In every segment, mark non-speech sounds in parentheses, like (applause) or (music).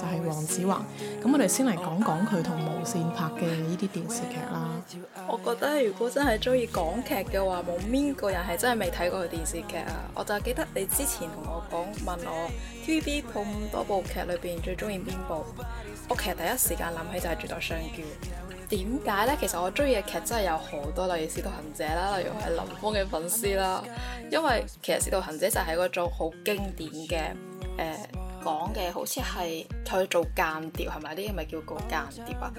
就係黃子華，咁我哋先嚟講講佢同無線拍嘅呢啲電視劇啦。我覺得如果真係中意港劇嘅話，冇邊個人係真係未睇過佢電視劇啊！我就記得你之前同我講問我 TVB 鋪咁多部劇裏邊最中意邊部，我其實第一時間諗起就係《絕代商驕》。點解呢？其實我中意嘅劇真係有好多啦，例如《使徒行者》啦，例如係林峰嘅粉絲啦，因為其實《使徒行者》就係嗰種好經典嘅誒。欸講嘅好似係佢做間諜係咪？呢個咪叫做間諜啊？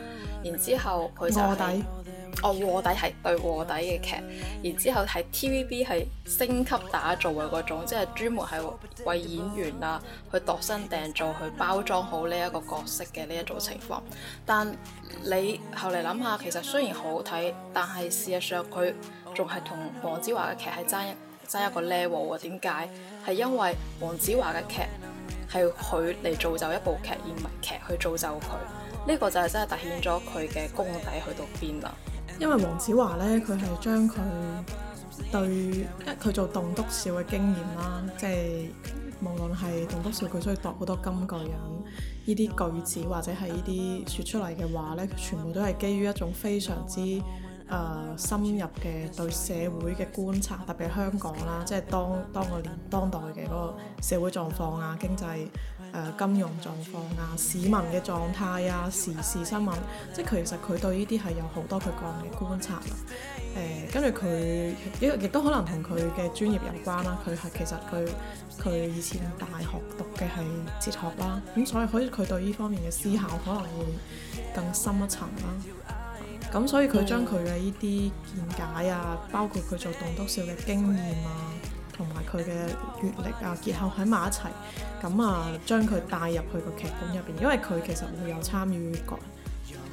然後之後佢就係、是、底哦臥底係對臥底嘅劇。然後之後係 T V B 係星級打造嘅嗰種，即係專門係為演員啊去度身訂造，去包裝好呢一個角色嘅呢一種情況。但你後嚟諗下，其實雖然好睇，但係事實上佢仲係同黃子華嘅劇係爭一爭一個 level 喎。點解係因為黃子華嘅劇？係佢嚟造就一部劇，而唔係劇去造就佢，呢個就係真係凸顯咗佢嘅功底去到邊啦。因為黃子華呢，佢係將佢對，佢做棟篤笑嘅經驗啦，即係無論係棟篤笑，佢需要度好多金句，呢啲句子或者係呢啲説出嚟嘅話咧，全部都係基於一種非常之。誒、呃、深入嘅對社會嘅觀察，特別係香港啦，即係當當個年當代嘅嗰個社會狀況啊、經濟誒、呃、金融狀況啊、市民嘅狀態啊、時事新聞，即係其實佢對呢啲係有好多佢個人嘅觀察啦、啊。誒、呃，跟住佢亦亦都可能同佢嘅專業有關啦、啊。佢係其實佢佢以前大學讀嘅係哲學啦、啊，咁、嗯、所以可以佢對呢方面嘅思考可能會更深一層啦、啊。咁所以佢將佢嘅呢啲見解啊，包括佢做棟篤笑嘅經驗啊，同埋佢嘅閱歷啊，結合喺埋一齊，咁啊將佢帶入去個劇本入邊。因為佢其實會有參與改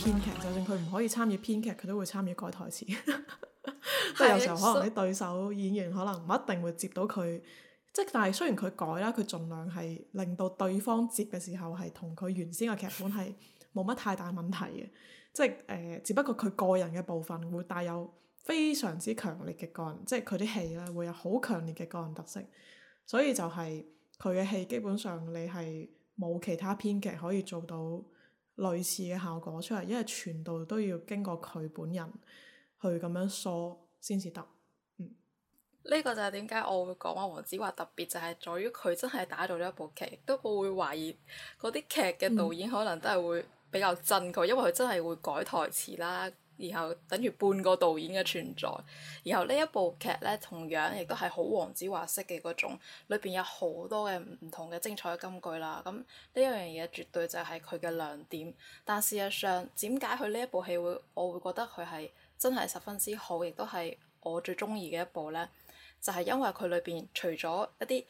編劇，就算佢唔可以參與編劇，佢都會參與改台詞。即係有時候可能啲對手演員可能唔一定會接到佢，即係但係雖然佢改啦，佢盡量係令到對方接嘅時候係同佢原先嘅劇本係冇乜太大問題嘅。即係誒、呃，只不過佢個人嘅部分會帶有非常之強烈嘅個人，即係佢啲戲啦，會有好強烈嘅個人特色。所以就係佢嘅戲，基本上你係冇其他編劇可以做到類似嘅效果出嚟，因為全部都要經過佢本人去咁樣梳先至得。呢、嗯、個就係點解我會講話黃子華特別就係在於佢真係打造咗一部劇，都會懷疑嗰啲劇嘅導演可能都係會、嗯。比較震佢，因為佢真係會改台詞啦，然後等於半個導演嘅存在，然後呢一部劇咧，同樣亦都係好黃子華式嘅嗰種，裏邊有好多嘅唔同嘅精彩金句啦，咁呢樣嘢絕對就係佢嘅亮點。但事實上，點解佢呢一部戲會，我會覺得佢係真係十分之好，亦都係我最中意嘅一部咧，就係因為佢裏邊除咗一啲。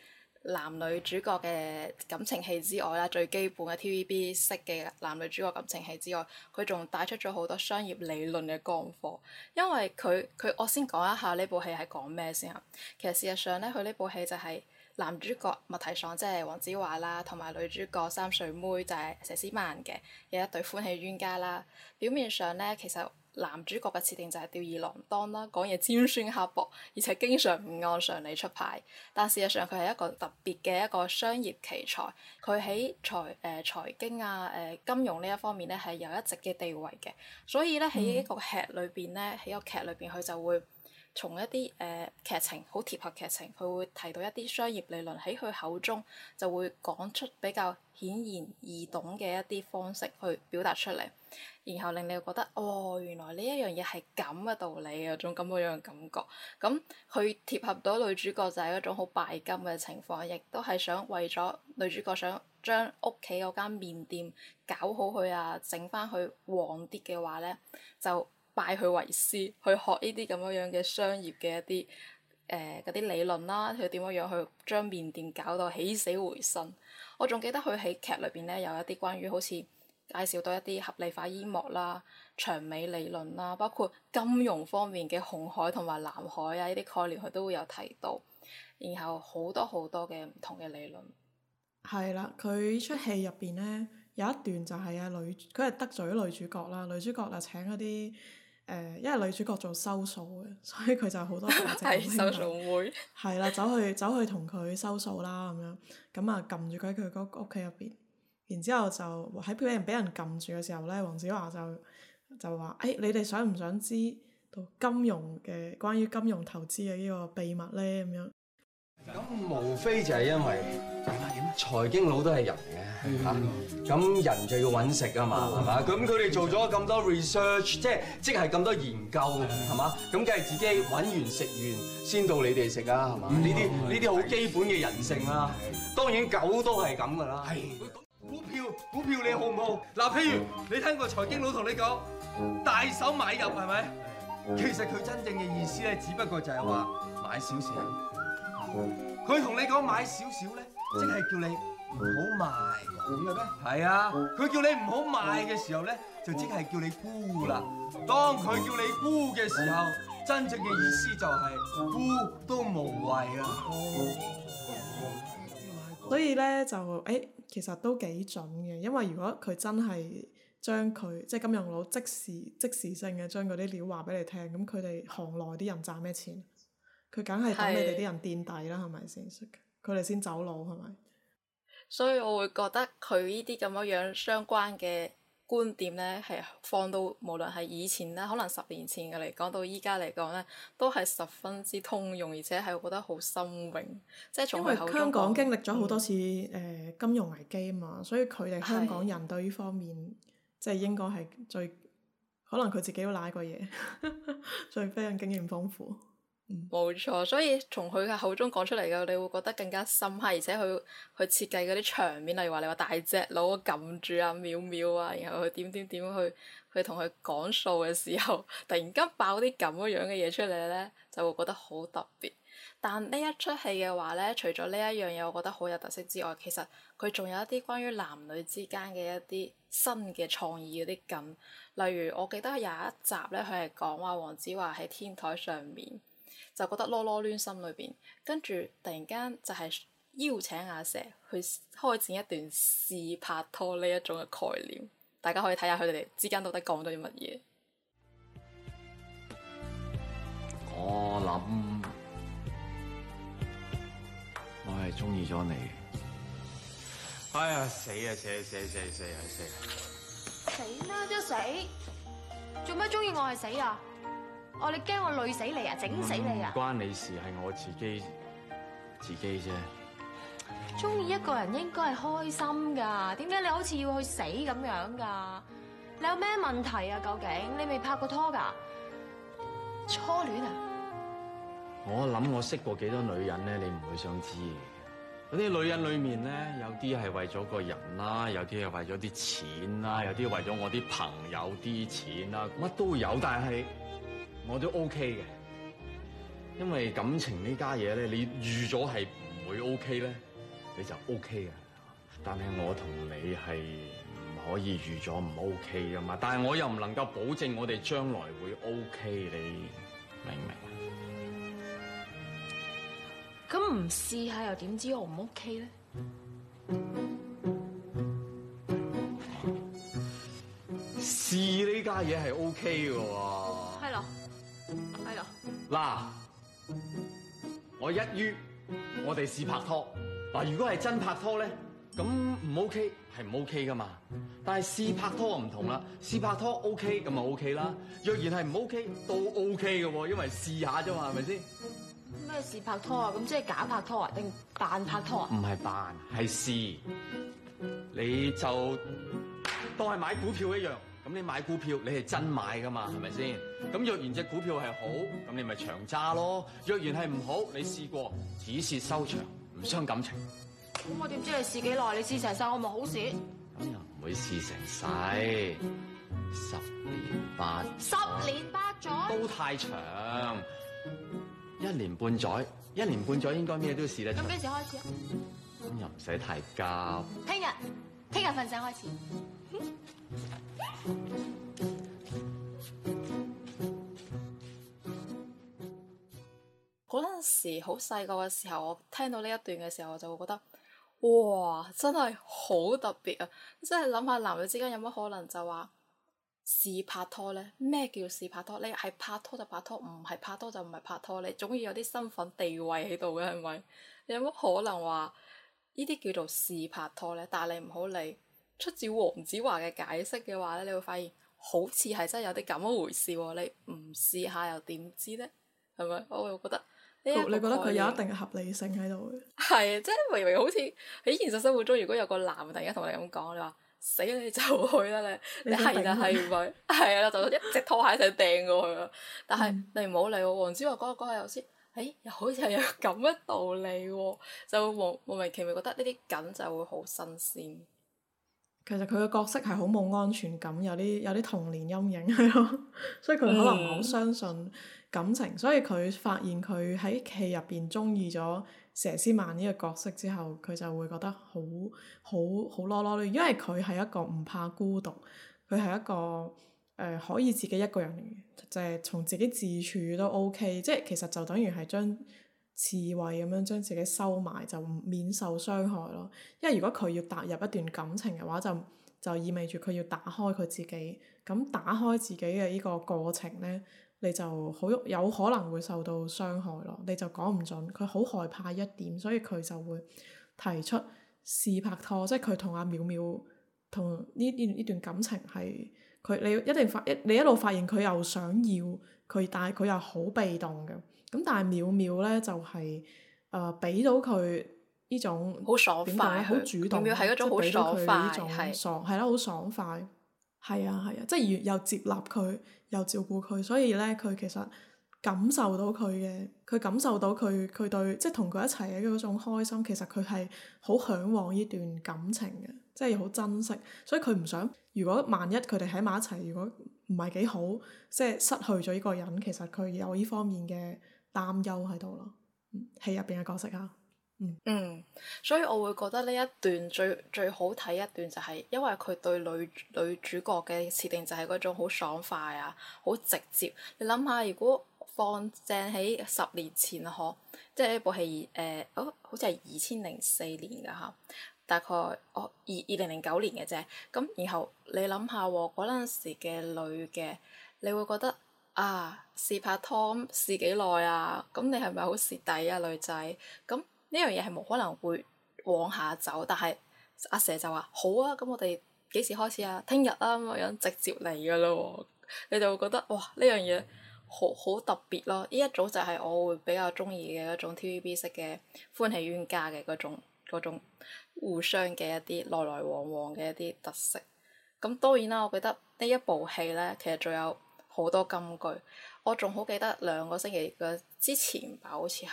男女主角嘅感情戲之外啦，最基本嘅 TVB 式嘅男女主角感情戲之外，佢仲帶出咗好多商業理論嘅乾貨。因為佢佢，我先講一下呢部戲係講咩先啊。其實事實上咧，佢呢部戲就係男主角麥提爽即係黃子華啦，同埋女主角三歲妹就係佘詩曼嘅有一對歡喜冤家啦。表面上咧，其實。男主角嘅設定就係吊兒郎當啦，講嘢尖酸刻薄，而且經常唔按常理出牌。但事實上佢係一個特別嘅一個商業奇才，佢喺財誒、呃、財經啊誒、呃、金融呢一方面咧係有一席嘅地位嘅。所以咧喺、嗯、一,一個劇裏邊咧，喺個劇裏邊佢就會從一啲誒、呃、劇情，好貼合劇情，佢會提到一啲商業理論，喺佢口中就會講出比較顯然易懂嘅一啲方式去表達出嚟。然後令你又覺得，哦，原來呢一樣嘢係咁嘅道理嘅嗰種咁樣嘅感覺。咁佢貼合到女主角就係一種好拜金嘅情況，亦都係想為咗女主角想將屋企嗰間麵店搞好佢啊，整翻佢旺啲嘅話咧，就拜佢為師，去學呢啲咁樣樣嘅商業嘅一啲誒嗰啲理論啦。佢點樣樣去將麵店搞到起死回生？我仲記得佢喺劇裏邊咧有一啲關於好似，介紹到一啲合理化煙幕啦、長尾理論啦，包括金融方面嘅紅海同埋藍海啊，呢啲概念佢都會有提到，然後好多好多嘅唔同嘅理論。係啦，佢呢出戲入邊呢，有一段就係啊女，佢係得罪咗女主角啦，女主角就請嗰啲誒，因為女主角做收數嘅，所以佢就好多大隻收數妹。係啦，走去走去同佢收數啦，咁樣咁啊撳住佢佢個屋企入邊。然之後就喺俾人俾人撳住嘅時候咧，黃子華就就話：誒、哎，你哋想唔想知道金融嘅關於金融投資嘅呢個秘密咧？咁樣，咁無非就係因為點啊財經佬都係人嘅咁、嗯啊、人就要搵食啊嘛，係嘛、嗯？咁佢哋做咗咁多 research，即係即係咁多研究，係嘛、嗯？咁梗係自己搵完食完先到你哋食啦，係嘛？呢啲呢啲好基本嘅人性啦，當然狗都係咁㗎啦。哎股票股票你好唔好？嗱，譬如你聽過財經佬同你講大手買入係咪？其實佢真正嘅意思咧，只不過就係話買少少。佢同你講買少少咧，即係叫你唔好賣，係咩？係啊，佢叫你唔好賣嘅時候咧，就即係叫你沽啦。當佢叫你沽嘅時候，真正嘅意思就係沽都無謂啊。所以咧就誒。哎其實都幾準嘅，因為如果佢真係將佢即係金融佬即時即時性嘅將嗰啲料話俾你聽，咁佢哋行內啲人賺咩錢？佢梗係等你哋啲人墊底啦，係咪先？佢哋先走佬係咪？是是所以我會覺得佢呢啲咁樣樣相關嘅。觀點咧係放到無論係以前啦，可能十年前嘅嚟講，到依家嚟講咧，都係十分之通用，而且係我覺得好新穎，即係從香港經歷咗好多次誒、嗯呃、金融危機啊嘛，所以佢哋香港人對於方面即係應該係最可能佢自己都舐過嘢， (laughs) 最非常經驗豐富。冇錯，所以從佢嘅口中講出嚟嘅，你會覺得更加深刻，而且佢佢設計嗰啲場面，例如話你話大隻佬撳住啊妙妙啊，然後佢點點點去去同佢講數嘅時候，突然間爆啲咁樣嘅嘢出嚟咧，就會覺得好特別。但呢一出戲嘅話咧，除咗呢一樣嘢我覺得好有特色之外，其實佢仲有一啲關於男女之間嘅一啲新嘅創意嗰啲咁，例如我記得有一集咧，佢係講話黃子華喺天台上面。就覺得囉囉攣，心裏邊，跟住突然間就係邀請阿蛇去開展一段試拍拖呢一種嘅概念，大家可以睇下佢哋之間到底講咗啲乜嘢。我諗，我係鍾意咗你。哎呀死啊死死死死啊死！死咩都死，做咩鍾意我係死啊？哦，你驚我累死你啊，整死你啊！唔、嗯、關你事，係我自己自己啫。中意一個人應該係開心㗎，點解你好似要去死咁樣㗎？你有咩問題啊？究竟你未拍過拖㗎？初戀啊！我諗我識過幾多女人咧，你唔會想知。嗰啲女人裡面咧，有啲係為咗個人啦，有啲係為咗啲錢啦，有啲為咗我啲朋友啲錢啦，乜都有，但係。我都 OK 嘅，因為感情呢家嘢咧，你預咗係唔會 OK 咧，你就 OK 嘅。但係我同你係唔可以預咗唔 OK 噶嘛。但係我又唔能夠保證我哋將來會 OK，你明唔明、OK OK、啊？咁唔試下又點知我唔 OK 咧？試呢家嘢係 OK 嘅喎。嗱、啊，我一於我哋試拍拖嗱、啊，如果係真拍拖咧，咁唔 OK 係唔 OK 噶嘛？但係試拍拖就唔同啦，嗯、試拍拖 OK 咁就 OK 啦。若然係唔 OK 都 OK 嘅喎，因為試下啫嘛，係咪先？咩試拍拖啊？咁即係假拍拖啊？定扮拍拖啊？唔係扮係試，你就當係買股票一樣。咁你買股票，你係真買噶嘛？係咪先？咁若然隻股票係好，咁你咪長揸咯。若然係唔好，你試過止蝕收場，唔傷感情。咁我點知你試幾耐？你試成世，我咪好蝕？咁又唔會試成世，十年八載，十年八載都太長。一年半載，一年半載應該咩都試得。咁幾時開始啊？咁又唔使太急。聽日，聽日瞓醒開始。嗰陣時好細個嘅時候，我聽到呢一段嘅時候，我就會覺得，哇！真係好特別啊！即係諗下男女之間有乜可能就話試拍拖呢？咩叫試拍拖？你係拍拖就拍拖，唔係拍拖就唔係拍拖。你總要有啲身份地位喺度嘅，係咪？你有乜可能話呢啲叫做試拍拖呢？但係你唔好理。出自黃子華嘅解釋嘅話咧，你會發現好似係真係有啲咁嘅回事喎。你唔試下又點知呢？係咪？我又覺得個一一你覺得佢有一定嘅合理性喺度嘅。係啊，即係明明好似喺現實生活中，如果有個男突然間同你咁講，你話死你就去啦你，你係就係唔係？係啊， (laughs) 就一隻拖鞋就掟過去啦。但係、嗯、你唔好理喎，黃子華講下講下，誒、欸、又好似係有咁嘅道理喎，就會無莫名其妙覺得呢啲梗就會好新鮮。其實佢個角色係好冇安全感，有啲有啲童年陰影係咯， (laughs) 所以佢可能唔係好相信感情。嗯、所以佢發現佢喺戲入邊中意咗佘詩曼呢個角色之後，佢就會覺得好好好囉囉呢，因為佢係一個唔怕孤獨，佢係一個誒、呃、可以自己一個人，就係、是、從自己自處都 O、OK, K，即係其實就等於係將，刺蝟咁樣將自己收埋就免受傷害咯，因為如果佢要踏入一段感情嘅話，就就意味住佢要打開佢自己，咁打開自己嘅呢個過程呢，你就好有可能會受到傷害咯，你就講唔準，佢好害怕一點，所以佢就會提出試拍拖，即係佢同阿淼淼同呢呢段感情係，佢你一定發，你一路發現佢又想要佢，但係佢又好被動嘅。咁但係淼淼呢，就係誒俾到佢呢種點講呢？好，佢主動，淼淼係嗰種好爽，爽，的爽快，係啦，好爽快，係啊係啊，即係又接納佢，又照顧佢，所以呢，佢其實感受到佢嘅，佢感受到佢佢對即係同佢一齊嘅嗰種開心，其實佢係好向往呢段感情嘅，即係好珍惜，所以佢唔想如果萬一佢哋喺埋一齊，如果唔係幾好，即係失去咗呢個人，其實佢有呢方面嘅。擔憂喺度咯，戲入邊嘅角色啊，嗯，嗯嗯，所以我會覺得呢一段最最好睇一段就係、是，因為佢對女女主角嘅設定就係嗰種好爽快啊，好直接。你諗下，如果放正喺十年前嗬，即係呢部戲誒、呃，哦，好似係二千零四年嘅哈，大概哦二二零零九年嘅啫。咁然後你諗下喎，嗰陣時嘅女嘅，你會覺得。啊，試拍拖咁試幾耐啊？咁你係咪好蝕底啊，女仔？咁呢樣嘢係冇可能會往下走，但係阿蛇就話好啊！咁我哋幾時開始啊？聽日啊，咁樣直接嚟噶啦喎，你就會覺得哇！呢樣嘢好好特別咯。呢一組就係我會比較中意嘅一種 TVB 式嘅歡喜冤家嘅嗰種嗰種互相嘅一啲來來往往嘅一啲特色。咁當然啦，我覺得呢一部戲呢，其實仲有。好多金句，我仲好記得兩個星期嘅之前吧，好似係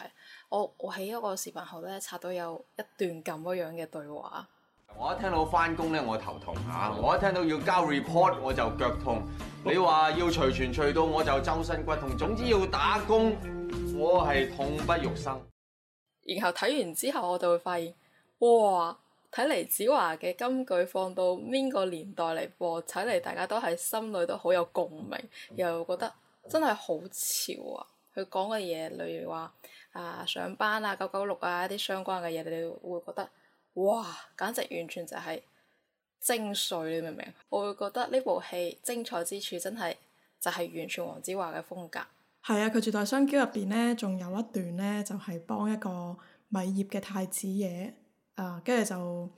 我我喺一個視頻號咧，刷到有一段咁樣嘅對話。我一聽到返工咧，我頭痛嚇、啊；我一聽到要交 report，我就腳痛。你話要隨傳隨到，我就周身骨痛。總之要打工，我係痛不欲生。然後睇完之後，我就會發現，哇！睇嚟子華嘅金句放到邊個年代嚟播，睇嚟大家都係心裏都好有共鳴，又覺得真係好潮啊！佢講嘅嘢，例如話啊上班啊九九六啊一啲相關嘅嘢，你哋會覺得哇，簡直完全就係精髓，你明唔明？我會覺得呢部戲精彩之處真係就係完全黃子華嘅風格。係啊，佢《絕代商驕》入邊呢，仲有一段呢，就係、是、幫一個米業嘅太子爺。啊，跟住，uh, 就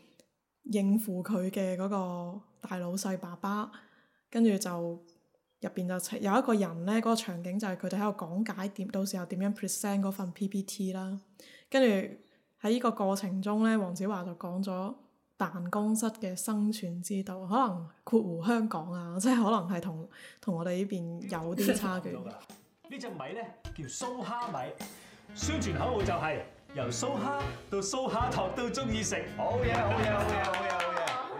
應付佢嘅嗰個大老細爸爸，跟住就入邊就有一個人呢，嗰、嗰個場景就係佢哋喺度講解點，到時候點樣 present 嗰份 PPT 啦，跟住喺呢個過程中呢，黃子華就講咗辦公室嘅生存之道，可能括弧香港啊，即係可能係同同我哋呢邊有啲差距。呢 (laughs) 隻米呢，叫蘇蝦米，宣傳口號就係，係。由蘇蝦到蘇蝦託都中意食，好嘢，好嘢，好嘢，好嘢，好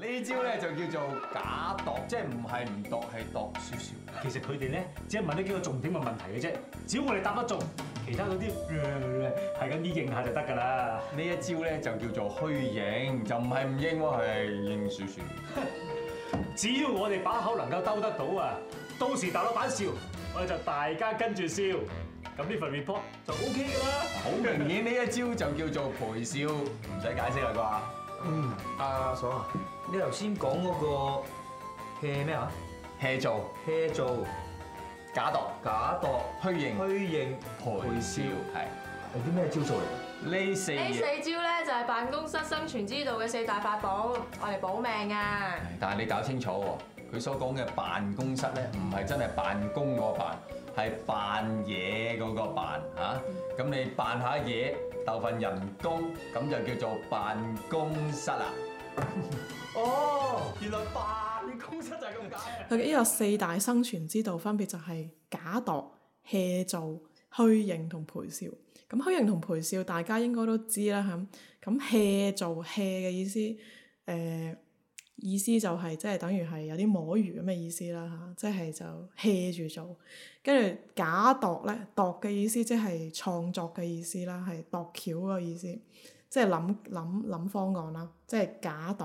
嘢！ (laughs) 招呢招咧就叫做假讀，即係唔係唔讀，係讀少少。其實佢哋咧只係問呢幾個重點嘅問題嘅啫，只要我哋答得中，其他嗰啲係咁意應下就得㗎啦。呢一招咧就叫做虛應，就唔係唔應喎，係應少少。 (laughs) 只要我哋把口能夠兜得到啊，到時大老闆笑，我哋就大家跟住笑。咁呢份 report 就 O K 㗎啦，好 (music) 明顯呢一招就叫做賠笑，唔使解釋啦啩。嗯，阿嫂啊，你頭先講嗰個係咩啊？係麼做係做，假託假託，虛形虛形，賠笑係，有啲咩招數嚟㗎？呢四呢四招咧就係辦公室生存之道嘅四大法寶，我嚟保命啊！但係你搞清楚喎，佢所講嘅辦公室咧，唔係真係辦公嗰個辦。係扮嘢嗰個扮嚇，咁、啊嗯、你扮下嘢，鬥份人工，咁就叫做辦公室啦。 (laughs) 哦，原來辦公室就係咁解。係嘅，呢個四大生存之道分別就係假惰、卸做、虛形同陪笑。咁虛形同陪笑，大家應該都知啦，嚇。咁卸做，卸嘅意思，誒、呃。意思就係、是、即係等於係有啲摸魚咁嘅意思啦嚇，即係就歇住做，跟住假度呢度嘅意思即係創作嘅意思啦，係度橋嘅意思，即係諗諗諗方案啦，即係假度。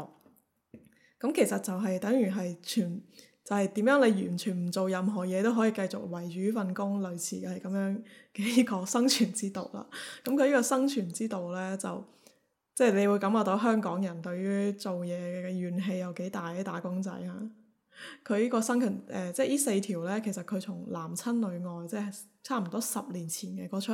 咁、嗯、其實就係等於係全，就係、是、點樣你完全唔做任何嘢都可以繼續圍住呢份工，類似係咁樣嘅呢、這個生存之道啦。咁佢呢個生存之道呢，就～即係你會感覺到香港人對於做嘢嘅怨氣有幾大啲打工仔啊，佢呢個新強誒、呃，即係呢四條呢，其實佢從《男親女愛》即係差唔多十年前嘅嗰出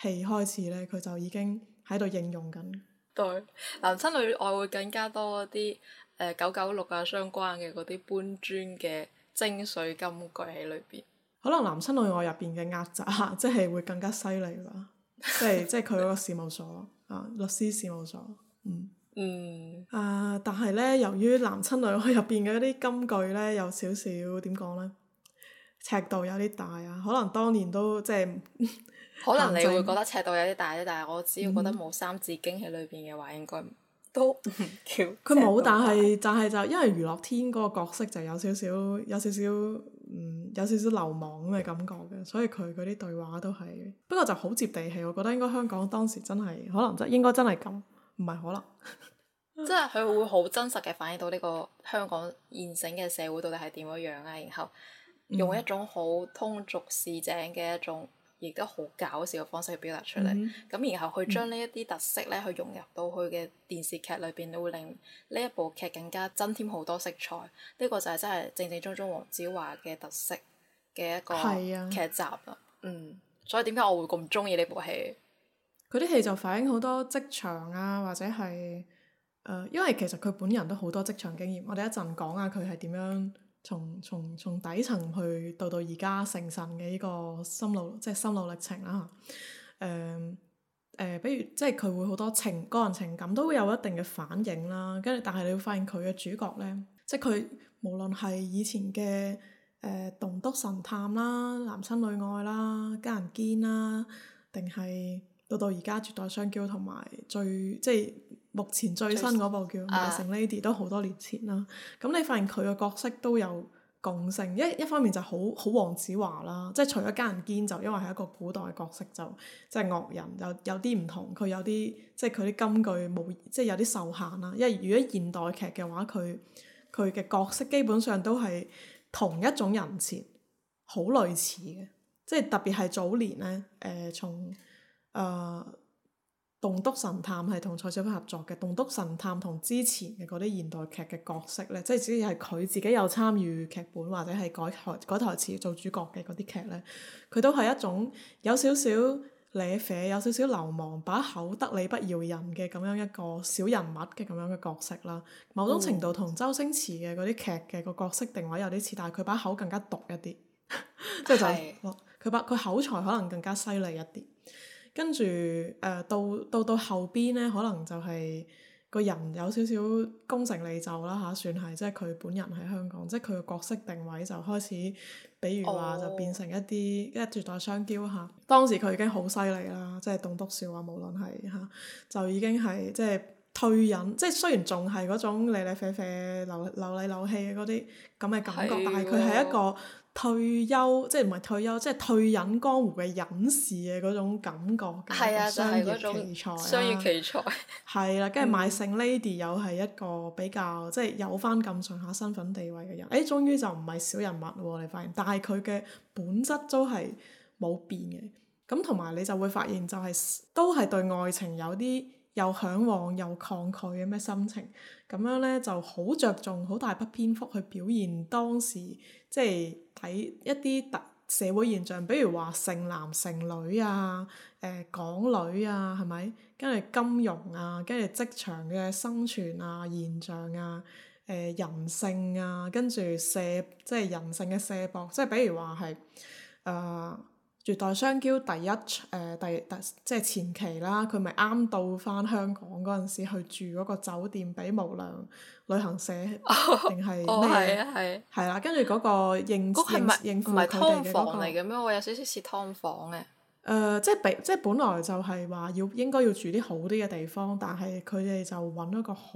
戲開始呢，佢就已經喺度應用緊。對《男親女愛》會更加多啲誒九九六啊相關嘅嗰啲搬磚嘅精髓金句喺裏邊。可能《男親女愛》入邊嘅壓榨，即係會更加犀利啦。 (laughs) 即係即係佢嗰個事務所 (laughs) 啊，律師事務所，嗯嗯啊，但係呢，由於男親女愛入邊嗰啲金句呢，有少少點講呢？尺度有啲大啊，可能當年都即係 (laughs) 可能你會覺得尺度有啲大咧，但係我只要覺得冇三字經喺裏邊嘅話，應該都唔橋佢冇，但係 (laughs) 就係就因為余樂天嗰個角色就有少少，有少少。嗯，有少少流氓嘅感覺嘅，所以佢嗰啲對話都係，不過就好接地氣。我覺得應該香港當時真係，可能真應該真係咁，唔係可能， (laughs) 即係佢會好真實嘅反映到呢個香港現成嘅社會到底係點樣樣啊，然後用一種好通俗市井嘅一種，嗯亦都好搞笑嘅方式去表達出嚟，咁、嗯、然後佢將呢一啲特色咧，嗯、去融入到佢嘅電視劇裏邊，會令呢一部劇更加增添好多色彩。呢、這個就係真係正正宗宗黃子華嘅特色嘅一個劇集啦。啊、嗯，所以點解我會咁中意呢部戲？佢啲戲就反映好多職場啊，或者係誒、呃，因為其實佢本人都好多職場經驗。我哋一陣講下佢係點樣。從從從底層去到到而家成神嘅呢個心路，即係心路歷程啦嚇。誒、呃呃、比如即係佢會好多情個人情感，都會有一定嘅反應啦。跟住，但係你會發現佢嘅主角呢，即係佢無論係以前嘅誒《棟、呃、篤神探》啦、《男親女愛》啦、《家人堅》啦，定係到到而家《絕代商驕》同埋最即係。目前最新嗰部叫《My 盛 Lady》uh, 都好多年前啦，咁你發現佢嘅角色都有共性，一一方面就好好黃子華啦，即除咗家人堅就因為係一個古代嘅角色，就即係惡人有有啲唔同，佢有啲即佢啲金句冇即有啲受限啦，因為如果現代劇嘅話，佢佢嘅角色基本上都係同一種人設，好類似嘅，即特別係早年呢，誒從誒。《棟篤神探》係同蔡少芬合作嘅，《棟篤神探》同之前嘅嗰啲現代劇嘅角色呢，即係只要係佢自己有參與劇本或者係改台改台詞做主角嘅嗰啲劇呢，佢都係一種有少少咧啡，有少少流氓，把口得理不饒人嘅咁樣一個小人物嘅咁樣嘅角色啦。某種程度同周星馳嘅嗰啲劇嘅個角色定位有啲似，嗯、但係佢把口更加毒一啲，即 (laughs) 係就佢就的把佢口才可能更加犀利一啲。跟住誒、呃、到到到後邊呢，可能就係個人有少少功成利就啦嚇，算係，即係佢本人喺香港，即係佢嘅角色定位就開始，比如話就變成一啲，哦、一係絕代商驕嚇。當時佢已經好犀利啦，即係棟篤笑啊，無論係嚇，就已經係即係退隱，即係雖然仲係嗰種嚟嚟去去、流裏流氣嗰啲咁嘅感覺，哦、但係佢係一個。退休即係唔係退休，即係退隱江湖嘅隱士嘅嗰種感覺。係啊，商業奇才、啊、才，商業奇才。係啦，跟住買姓 Lady 又係一個比較即係有翻咁上下身份地位嘅人。誒，終於就唔係小人物喎，你發現，但係佢嘅本質都係冇變嘅。咁同埋你就會發現、就是，就係都係對愛情有啲又向往又抗拒嘅咩心情。咁樣咧就好着重，好大筆篇幅去表現當時，即係睇一啲特社會現象，比如話剩男剩女啊，誒、呃、港女啊，係咪？跟住金融啊，跟住職場嘅生存啊現象啊，誒、呃、人性啊，跟住射即係人性嘅射博，即、就、係、是、比如話係，誒、呃。絕代商驕第一誒、呃、第第即係前期啦，佢咪啱到返香港嗰陣時去住嗰個酒店俾無良旅行社定係咩？係啦、哦，跟住嗰個應應應付土地、那個、劏房嚟嘅咩？我有少少似劏房嘅，啊。誒、呃，即係俾即係本來就係話要應該要住啲好啲嘅地方，但係佢哋就揾一個好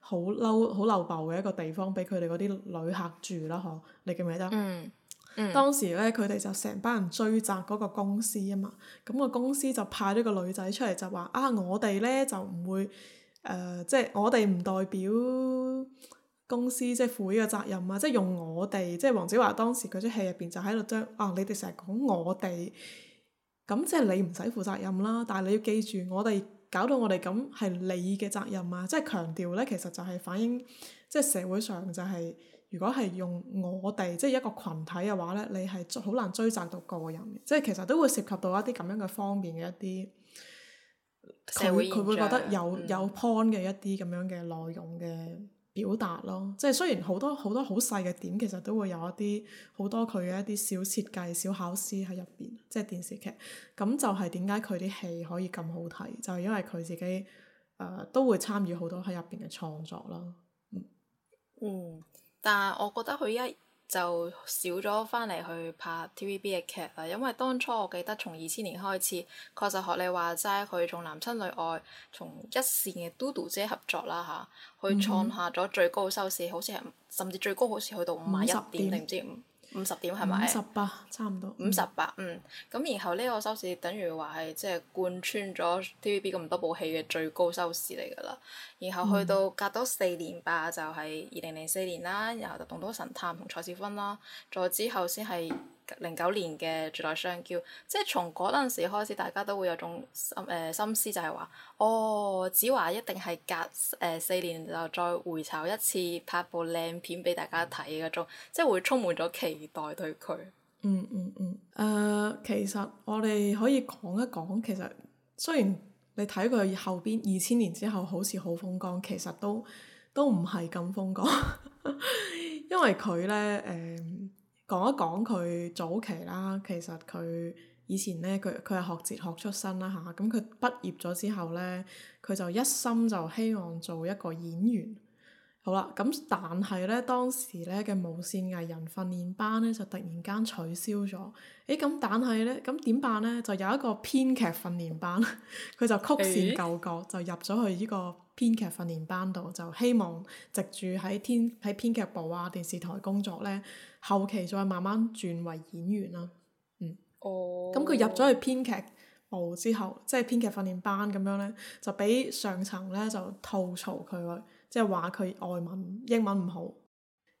好嬲好漏爆嘅一個地方俾佢哋嗰啲旅客住啦，嗬？你記唔記得？嗯。嗯、當時呢，佢哋就成班人追責嗰個公司啊嘛，咁、嗯，那個公司就派咗個女仔出嚟就話：啊，我哋呢，就唔會誒，即、呃、係、就是、我哋唔代表公司即係、就是、負呢個責任啊！即、就、係、是、用我哋，即係黃子華當時嗰出戲入面就喺度將啊，你哋成日講我哋，咁即係你唔使負責任啦，但係你要記住，我哋搞到我哋咁係你嘅責任啊！即、就、係、是、強調呢，其實就係反映即係、就是、社會上就係、是。如果係用我哋即係一個群體嘅話呢，你係好難追責到個人嘅，即係其實都會涉及到一啲咁樣嘅方面嘅一啲，佢佢社會，會覺得有、嗯、有 point 嘅一啲咁樣嘅內容嘅表達咯。即係雖然好多好多好細嘅點，其實都會有一啲好多佢嘅一啲小設計、小巧思喺入邊，即係電視劇。咁就係點解佢啲戲可以咁好睇？就係、是、因為佢自己、呃、都會參與好多喺入邊嘅創作咯。嗯。嗯。但係，我覺得佢一就少咗返嚟去拍 TVB 嘅劇啦，因為當初我記得從二千年開始，確實學你話齋，佢同男親女愛，同一線嘅嘟嘟姐合作啦嚇，去、啊、創下咗最高收視，嗯、哼 好似係甚至最高好似去到五十買十 點定唔知五。五十點係咪？五十八，58，差唔多。五十八，嗯，咁、嗯、然後呢個收視等於話係即係貫穿咗 TVB 咁多部戲嘅最高收視嚟㗎啦。然後去到隔多四年吧，就係二零零四年啦，然後就《棟篤神探》同《蔡少芬》啦，再之後先係。零九年嘅《絕代商驕》，即係從嗰陣時開始，大家都會有種心誒、呃、心思，就係話：哦，子華一定係隔誒、呃、四年就再回巢一次，拍部靚片俾大家睇嘅嗰種，即係會充滿咗期待對佢、嗯。嗯嗯嗯。誒、呃，其實我哋可以講一講，其實雖然你睇佢後邊二千年之後好似好風光，其實都都唔係咁風光， (laughs) 因為佢咧誒。嗯講一講佢早期啦，其實佢以前呢，佢佢係學哲學出身啦嚇，咁、啊、佢畢業咗之後呢，佢就一心就希望做一個演員。好啦，咁但係呢，當時呢嘅無線藝人訓練班呢，就突然間取消咗。誒、欸，咁但係呢，咁點辦呢？就有一個編劇訓練班，佢 (laughs) 就曲線救國，就入咗去呢個編劇訓練班度，就希望藉住喺天喺編劇部啊電視台工作呢，後期再慢慢轉為演員啦，嗯，咁佢入咗去編劇部之後，即係編劇訓練班咁樣呢，就俾上層呢就吐槽佢，即係話佢外文英文唔好。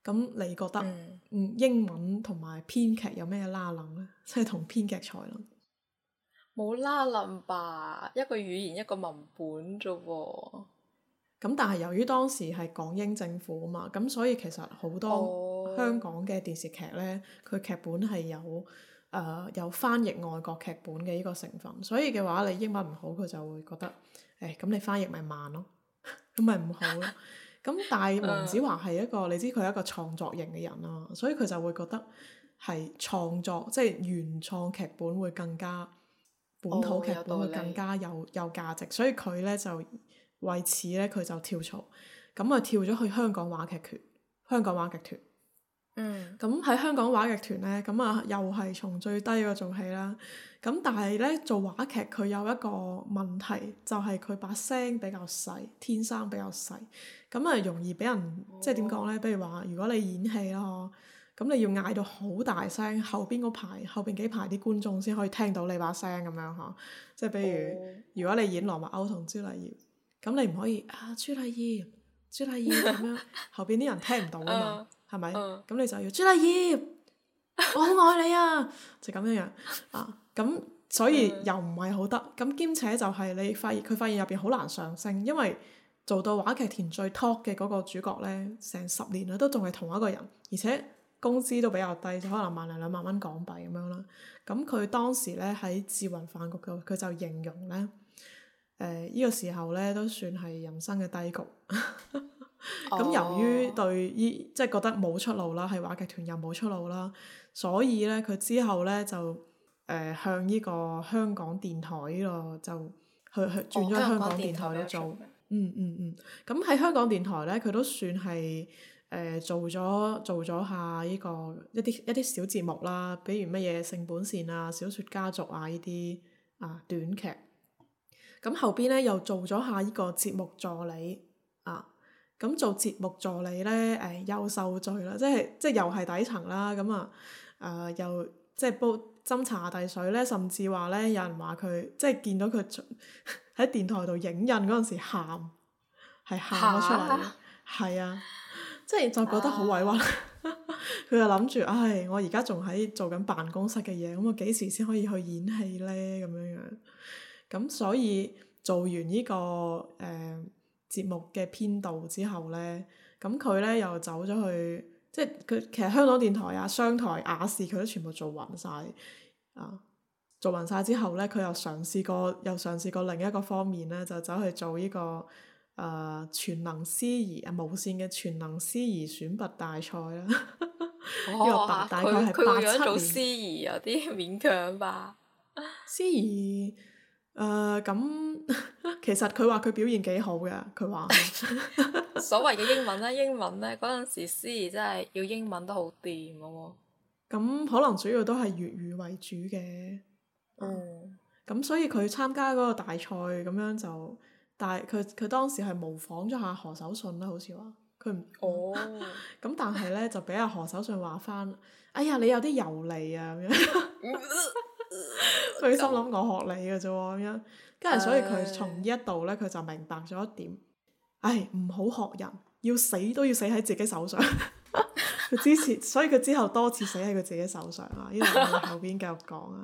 咁你覺得，Oh. 嗯，英文同埋編劇有咩拉冧呢？即係同編劇才能？冇拉冧吧，一個語言一個文本啫噃。咁但係由於當時係港英政府啊嘛，咁所以其實好多。Oh. 香港嘅電視劇呢，佢劇本係有誒、呃、有翻譯外國劇本嘅呢個成分，所以嘅話你英文唔好，佢就會覺得誒咁、哎、你翻譯咪慢咯，咁咪唔好咯。咁 (laughs) 但係黃子華係一個 (laughs) 你知佢係一個創作型嘅人啦，所以佢就會覺得係創作即係、就是、原創劇本會更加本土劇本會更加有有價值，所以佢呢，就為此呢，佢就跳槽咁啊跳咗去香港話劇團，香港話劇團。嗯，咁喺香港話劇團呢，咁啊又係從最低嗰度做起啦。咁但係呢，做話劇佢有一個問題，就係佢把聲比較細，天生比較細，咁啊容易俾人、嗯、即係點講呢？比如話如果你演戲啦呵，咁你要嗌到好大聲，後邊嗰排後邊幾排啲觀眾先可以聽到你把聲咁樣呵。即係比如、嗯、如果你演羅密歐同朱麗葉，咁你唔可以啊朱麗葉，朱麗葉咁樣， (laughs) 後邊啲人聽唔到啊嘛。嗯。係咪？咁、uh huh. 你就要朱麗葉，我好愛你啊！ (laughs) 就咁樣樣啊，咁所以 (laughs) 又唔係好得。咁兼且就係你發現佢發現入邊好難上升，因為做到話劇團最 talk 嘅嗰個主角呢，成十年啦都仲係同一個人，而且工資都比較低，就可能萬零兩,兩萬蚊港幣咁樣啦。咁佢當時呢，喺智雲飯局佢就形容呢，呢、呃呢個時候呢，都算係人生嘅低谷。 (laughs) 咁由於對於即係覺得冇出路啦，喺話劇團又冇出路啦，所以呢，佢之後呢，就誒、呃、向呢個香港電台呢、呢、咯、個，就去去轉咗香港電台度做。嗯嗯、哦、嗯，咁、嗯、喺、嗯、香港電台呢，佢都算係誒、呃、做咗做咗下呢、呢個一啲一啲小節目啦，比如乜嘢《性本善啊啊》啊、《小説家族》啊呢啲啊短劇。咁後邊呢，又做咗下呢個節目助理啊。咁做節目助理呢，誒、呃、又受罪啦，即係即係又係底層啦，咁、嗯、啊，誒、呃、又即係煲斟茶遞水呢，甚至話呢，有人話佢即係見到佢喺電台度影印嗰陣時喊，係喊咗出嚟，係哈啊，即係就覺得好委屈，佢就諗住，唉，我而家仲喺做緊辦公室嘅嘢，咁我幾時先可以去演戲呢？咁樣樣，咁所以做完呢、呢個誒。呃節目嘅編導之後呢，咁佢呢又走咗去，即係佢其實香港電台啊、商台、亞視佢都全部做勻晒，啊。做勻晒之後呢，佢又嘗試過，又嘗試過另一個方面呢，就走去做呢、這個誒、呃、全能司儀啊，無線嘅全能司儀選拔大賽啦。 (laughs) (laughs) 哦，佢佢如果做司儀有啲勉強吧。司儀。誒，咁、呃、其實佢話佢表現幾好嘅，佢話 (laughs) (laughs) 所謂嘅英文咧，英文咧嗰陣時司儀真係要英文都好掂嘅喎。咁可能主要都係粵語為主嘅。嗯、咁、嗯嗯、所以佢參加嗰個大賽咁樣就，但係佢佢當時係模仿咗下何守信啦，好似話佢唔哦、咁、oh. 嗯、但係咧就俾阿何守信話翻，哎呀你有啲油膩啊咁樣。 (laughs) (laughs) 佢、嗯、心諗我學你嘅啫，咁、嗯、樣，跟住的所以佢從呢一度咧，佢就明白咗一點，唉，唔好學人，要死都要死喺自己手上。佢 (laughs) 之前， (laughs) 所以佢之後多次死喺佢自己手上啦。呢、這、度、個、我哋後邊繼續講 (laughs) 啊。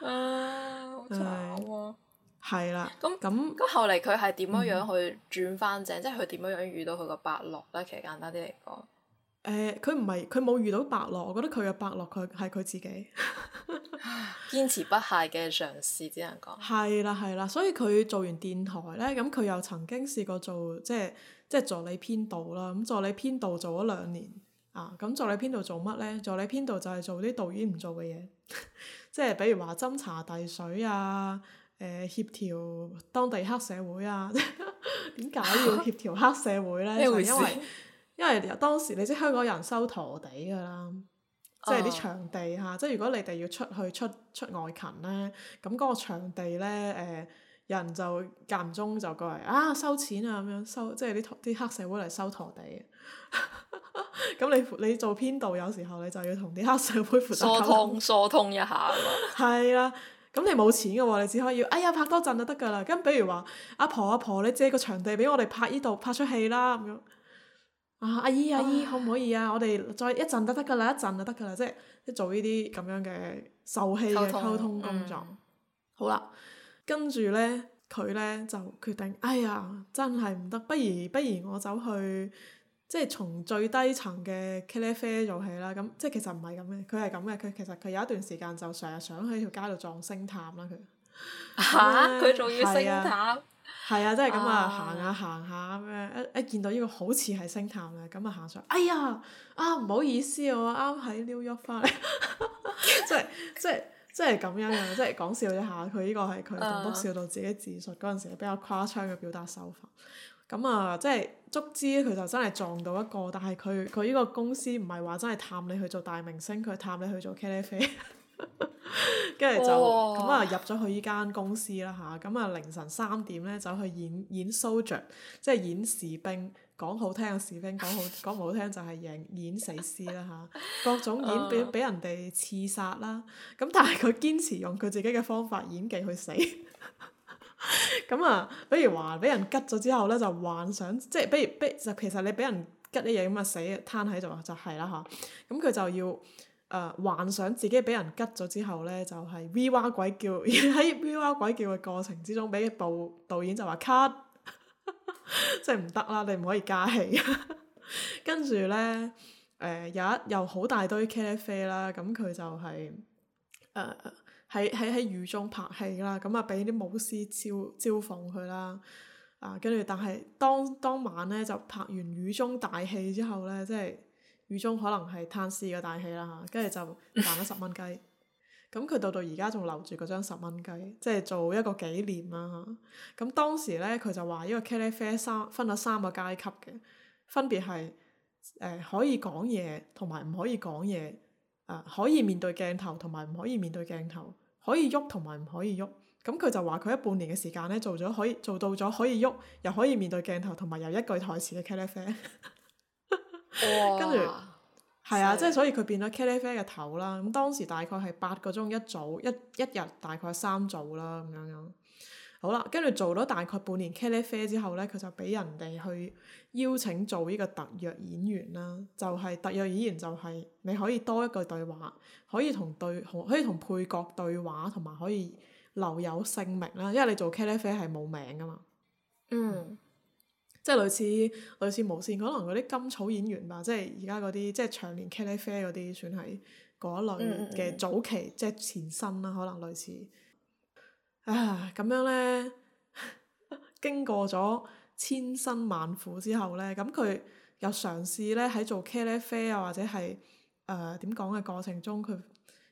啊，好慘啊！係啦，咁咁咁後嚟佢係點樣樣去轉翻正？即係佢點樣樣遇到佢個伯樂咧？其實簡單啲嚟講。誒，佢唔係佢冇遇到伯樂，我覺得佢嘅伯樂佢係佢自己 (laughs) 堅持不懈嘅嘗試，只能講係啦係啦。所以佢做完電台呢，咁佢又曾經試過做即係即係助理編導啦，咁助理編導做咗兩年啊。咁助理編導做乜呢？助理編導就係做啲導演唔做嘅嘢， (laughs) 即係比如話斟茶遞水啊，誒、呃、協調當地黑社會啊，點 (laughs) 解要協調黑社會咧？ (laughs) 事就因為 (laughs) 因為當時你知香港人收陀地噶啦，oh. 即係啲場地嚇，即係如果你哋要出去出出外勤呢，咁嗰個場地呢，誒、呃、人就間唔中就過嚟啊收錢啊咁樣收，即係啲啲黑社會嚟收陀地。咁 (laughs) 你你做編導有時候你就要同啲黑社會互通疏通疏通一下啊 (laughs) 啦，咁你冇錢嘅喎，你只可以要哎呀拍多陣就得噶啦。咁比如話阿婆阿婆，你借個場地俾我哋拍呢度拍出戲啦咁樣。啊，阿姨阿姨，唉可唔可以啊？我哋再一陣就得得噶啦，一陣就得噶啦，即係做呢啲咁樣嘅受氣嘅溝通工作。嗯、好啦，跟住呢，佢呢就決定，哎呀，真係唔得，不如不如我走去，即係從最低層嘅茄喱啡做起啦。咁即係其實唔係咁嘅，佢係咁嘅，佢其實佢有一段時間就成日想去條街度撞星探啦。佢吓？佢仲要星探。係啊，真係咁啊，啊，行下行下咁樣，一一、啊、見到呢個好似係星探啦，咁啊行上去，哎呀，啊唔好意思，啊，我啱喺 New York 翻嚟，即係即係即係咁樣樣，即係講笑一下，佢呢個係佢棟篤笑到自己自述嗰陣時比較誇張嘅表達手法。咁啊，即係卒之佢就真係撞到一個，但係佢佢呢個公司唔係話真係探你去做大明星，佢探你去做茄喱啡。跟住 (laughs) 就咁啊，入咗、oh. 去呢間公司啦吓，咁啊凌晨三點呢就去演演 soldier，即係演士兵，講好聽嘅士兵，講好講唔好聽就係演演死屍啦吓， (laughs) 各種演俾俾人哋刺殺啦，咁但係佢堅持用佢自己嘅方法演技去死，咁 (laughs) 啊，比如話俾人吉咗之後呢，就幻想，即係比如逼就其實你俾人吉啲嘢咁啊死，攤喺度就係啦吓，咁佢就要。誒、uh, 幻想自己俾人吉咗之後呢，就係、是、V 哇鬼叫，喺 (laughs) V 哇鬼叫嘅過程之中，俾部導演就話 cut， (laughs) 即係唔得啦，你唔可以加戲。跟 (laughs) 住呢，誒、呃、有一又好大堆茄喱啡啦，咁佢就係誒喺喺喺雨中拍戲啦，咁啊俾啲武師招招捧佢啦，啊跟住，但係當當晚呢，就拍完雨中大戲之後呢，即係。雨中可能係攤屍個大戲啦，跟住就賺咗十蚊雞。咁佢 (laughs) 到到而家仲留住嗰張十蚊雞，即係做一個紀念啦、啊。咁當時呢，佢就話，呢個茄喱啡三分咗三個階級嘅，分別係誒、呃、可以講嘢同埋唔可以講嘢，誒、呃、可以面對鏡頭同埋唔可以面對鏡頭，可以喐同埋唔可以喐。咁佢就話佢一半年嘅時間呢，做咗可以做到咗可以喐又可以面對鏡頭同埋又一句台詞嘅茄喱啡。哇跟住，係啊，啊即係所以佢變咗茄哩啡嘅頭啦。咁當時大概係八個鐘一組，一一日大概三組啦咁樣樣。好啦，跟住做咗大概半年茄哩啡之後呢，佢就俾人哋去邀請做呢個特約演員啦。就係、係、特約演員，就係你可以多一句對話，可以同對可以同配角對話，同埋可以留有姓名啦。因為你做茄哩啡係冇名噶嘛。嗯。即係類似類似無線，可能嗰啲甘草演員吧，即係而家嗰啲即係長年茄喱啡嗰啲，算係嗰類嘅早期嗯嗯即係前身啦，可能類似。啊，咁樣呢，經過咗千辛萬苦之後呢，咁佢又嘗試呢，喺做茄喱啡啊，或者係唉，點講嘅過程中，佢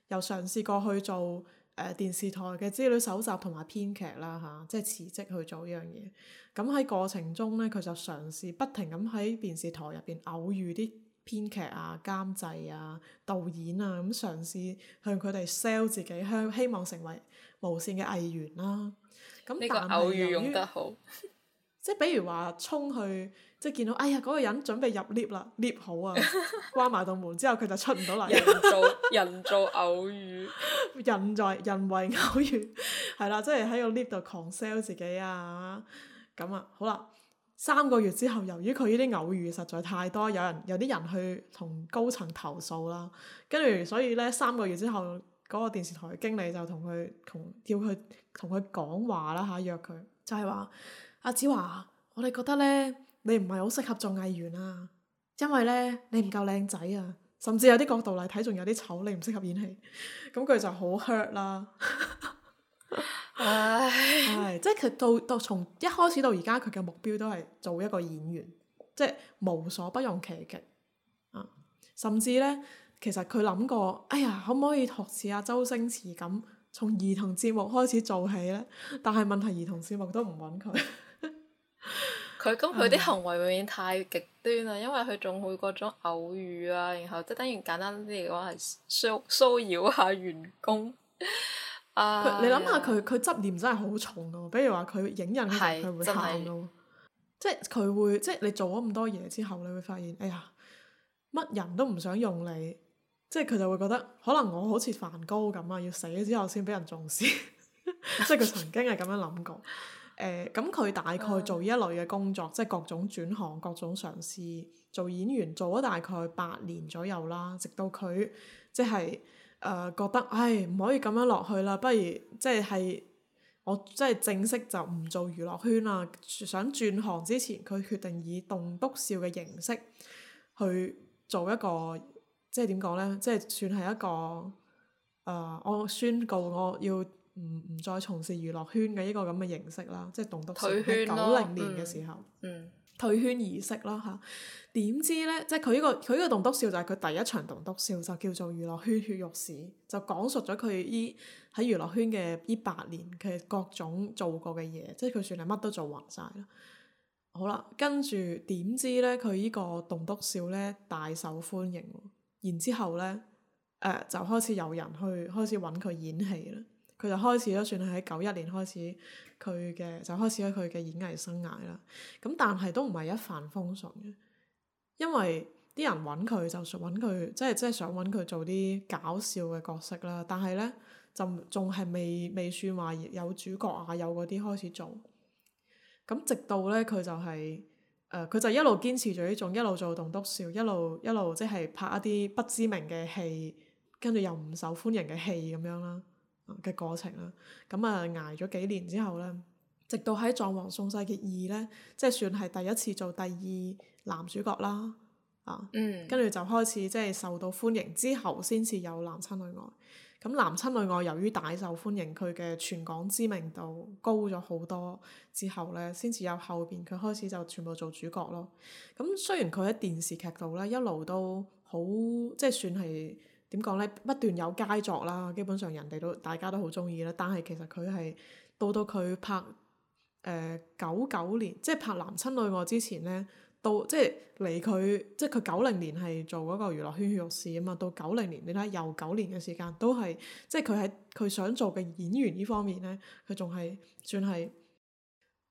又嘗試過去做。誒、呃、電視台嘅資料蒐集同埋編劇啦嚇、啊，即係辭職去做呢樣嘢。咁喺過程中呢，佢就嘗試不停咁喺電視台入邊偶遇啲編劇啊、監製啊、導演啊，咁、嗯、嘗試向佢哋 sell 自己，希希望成為無線嘅藝員啦、啊。咁，但偶遇但用得好。即係比如話衝去，即係見到哎呀嗰、那個人準備入 lift 啦，lift 好啊， (laughs) 關埋道門之後佢就出唔到嚟，人做人做偶遇，人在人為偶遇，係 (laughs) 啦，即係喺個 lift 度狂 sell 自己啊，咁啊，好啦，三個月之後由於佢呢啲偶遇實在太多，有人有啲人去同高層投訴啦，跟住所以呢三個月之後嗰、那個電視台嘅經理就同佢同叫佢同佢講話啦吓，約佢就係、是、話。阿子華，我哋覺得呢，你唔係好適合做藝員啊，因為呢，你唔夠靚仔啊，甚至有啲角度嚟睇仲有啲醜，你唔適合演戲，咁佢就好 hurt 啦。唉，即係佢到到從一開始到而家，佢嘅目標都係做一個演員，即係無所不用其極啊！甚至呢，其實佢諗過，哎呀，可唔可以學似阿周星馳咁，從兒童節目開始做起呢？但係問題兒童節目都唔揾佢。佢，咁佢啲行為永遠太極端啦，因為佢仲會嗰種偶遇啊，然後即等於簡單啲嚟講係騷騷擾下員工。啊， (laughs) (laughs) 你諗下佢佢執念真係好重噶，比如話佢影印嗰陣佢會喊噶，即係佢會即係你做咗咁多嘢之後，你會發現，哎呀，乜人都唔想用你，即係佢就會覺得可能我好似梵高咁啊，要死咗之後先俾人重視， (laughs) 即係佢曾經係咁樣諗過。 (laughs) 誒咁佢大概做呢一類嘅工作，uh. 即各種轉行、各種嘗試做演員，做咗大概八年左右啦。直到佢即係誒、呃、覺得，唉，唔可以咁樣落去啦，不如即係我即係正式就唔做娛樂圈啦。想轉行之前，佢決定以棟篤笑嘅形式去做一個，即係點講呢？即係算係一個誒、呃，我宣告我要唔唔再從事娛樂圈嘅呢個咁嘅形式啦，即係棟篤笑，九零年嘅時候，嗯嗯、退圈儀式啦嚇。點知呢？即係佢呢個佢呢個棟篤笑就係佢第一場棟篤笑，就叫做《娛樂圈血肉史》，就講述咗佢呢喺娛樂圈嘅呢八年佢各種做過嘅嘢，即係佢算係乜都做勻晒啦。好啦，跟住點知呢？佢呢個棟篤笑呢，大受歡迎，然之後呢，誒、呃、就開始有人去開始揾佢演戲啦。佢就開始咗，算係喺九一年開始佢嘅就開始咗佢嘅演藝生涯啦。咁但係都唔係一帆風順嘅，因為啲人揾佢就揾佢，即係即係想揾佢做啲搞笑嘅角色啦。但係呢，就仲係未未算話有主角啊，有嗰啲開始做。咁直到呢，佢就係誒佢就一路堅持住呢種一路做棟篤笑，一路一路即係拍一啲不知名嘅戲，跟住又唔受歡迎嘅戲咁樣啦，嘅過程啦，咁啊捱咗幾年之後呢，直到喺《狀王宋世傑二》呢，即係算係第一次做第二男主角啦，啊，跟住、嗯、就開始即係受到歡迎，之後先至有男、嗯《男親女愛》，咁《男親女愛》由於大受歡迎，佢嘅全港知名度高咗好多，之後呢，先至有後邊佢開始就全部做主角咯，咁、嗯、雖然佢喺電視劇度呢，一路都好，即係算係。點講呢？不斷有佳作啦，基本上人哋都大家都好中意啦。但係其實佢係到到佢拍誒九九年，即係拍《男親女愛》之前呢，到即係嚟佢即係佢九零年係做嗰個娛樂圈血肉史啊嘛。到九零年你睇，又九年嘅時間都係即係佢喺佢想做嘅演員呢方面呢，佢仲係算係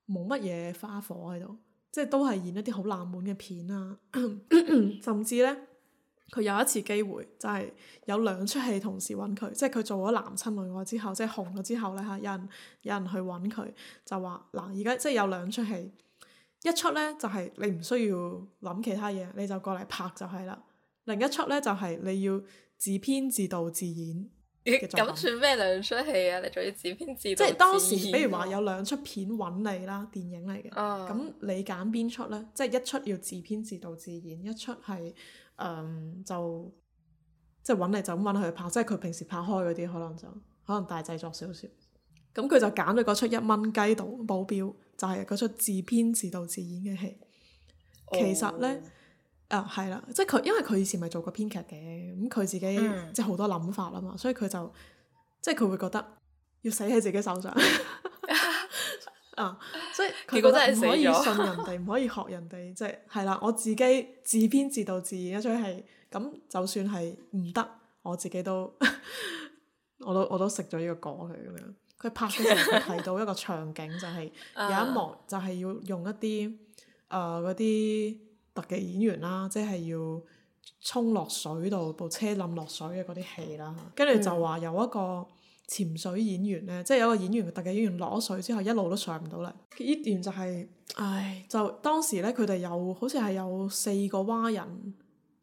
冇乜嘢花火喺度，即係都係演一啲好冷門嘅片啦、啊， (coughs) 甚至呢。佢有一次機會，就係、是、有兩出戲同時揾佢，即係佢做咗男親女愛之後，即係紅咗之後呢，嚇，有人有人去揾佢就話嗱，而家即係有兩出戲，一出呢，就係、是、你唔需要諗其他嘢，你就過嚟拍就係啦。另一出呢，就係、是、你要編自，自、啊、你要自編自導自演。咁算咩兩出戲啊？你仲要自編自導？即係當時，比如話有兩出片揾你啦，電影嚟嘅咁，oh。你揀邊出呢？即係一出要自編自導自演，一出係。誒、um, 就即係揾嚟就咁揾佢拍，即係佢平時拍開嗰啲可能就可能大製作少少，咁佢、嗯、就揀咗嗰出一蚊雞導保鏢，就係、是、嗰出自編自導自演嘅戲。Oh. 其實呢，誒係啦，即係佢因為佢以前咪做過編劇嘅，咁、嗯、佢自己、嗯、即係好多諗法啊嘛，所以佢就即係佢會覺得要死喺自己手上。 (laughs) 啊！所以佢覺得唔結果 可以信人哋，唔死了 (laughs) 可以學人哋，即係係啦。我自己自編自導自演一出戲，咁就算係唔得，我自己都 (laughs) 我都我都食咗呢個果佢咁樣。佢拍嘅時候睇到一個場景， (laughs) 就係有一幕就係要用一啲誒嗰啲特技演員啦，即係要沖落水度部車冧落水嘅嗰啲戲啦，跟住就話有一個。嗯潛水演員呢，即係有一個演員，特技演員落咗水之後，一路都上唔到嚟。佢依段就係、是，唉，就當時呢，佢哋有好似係有四個蛙人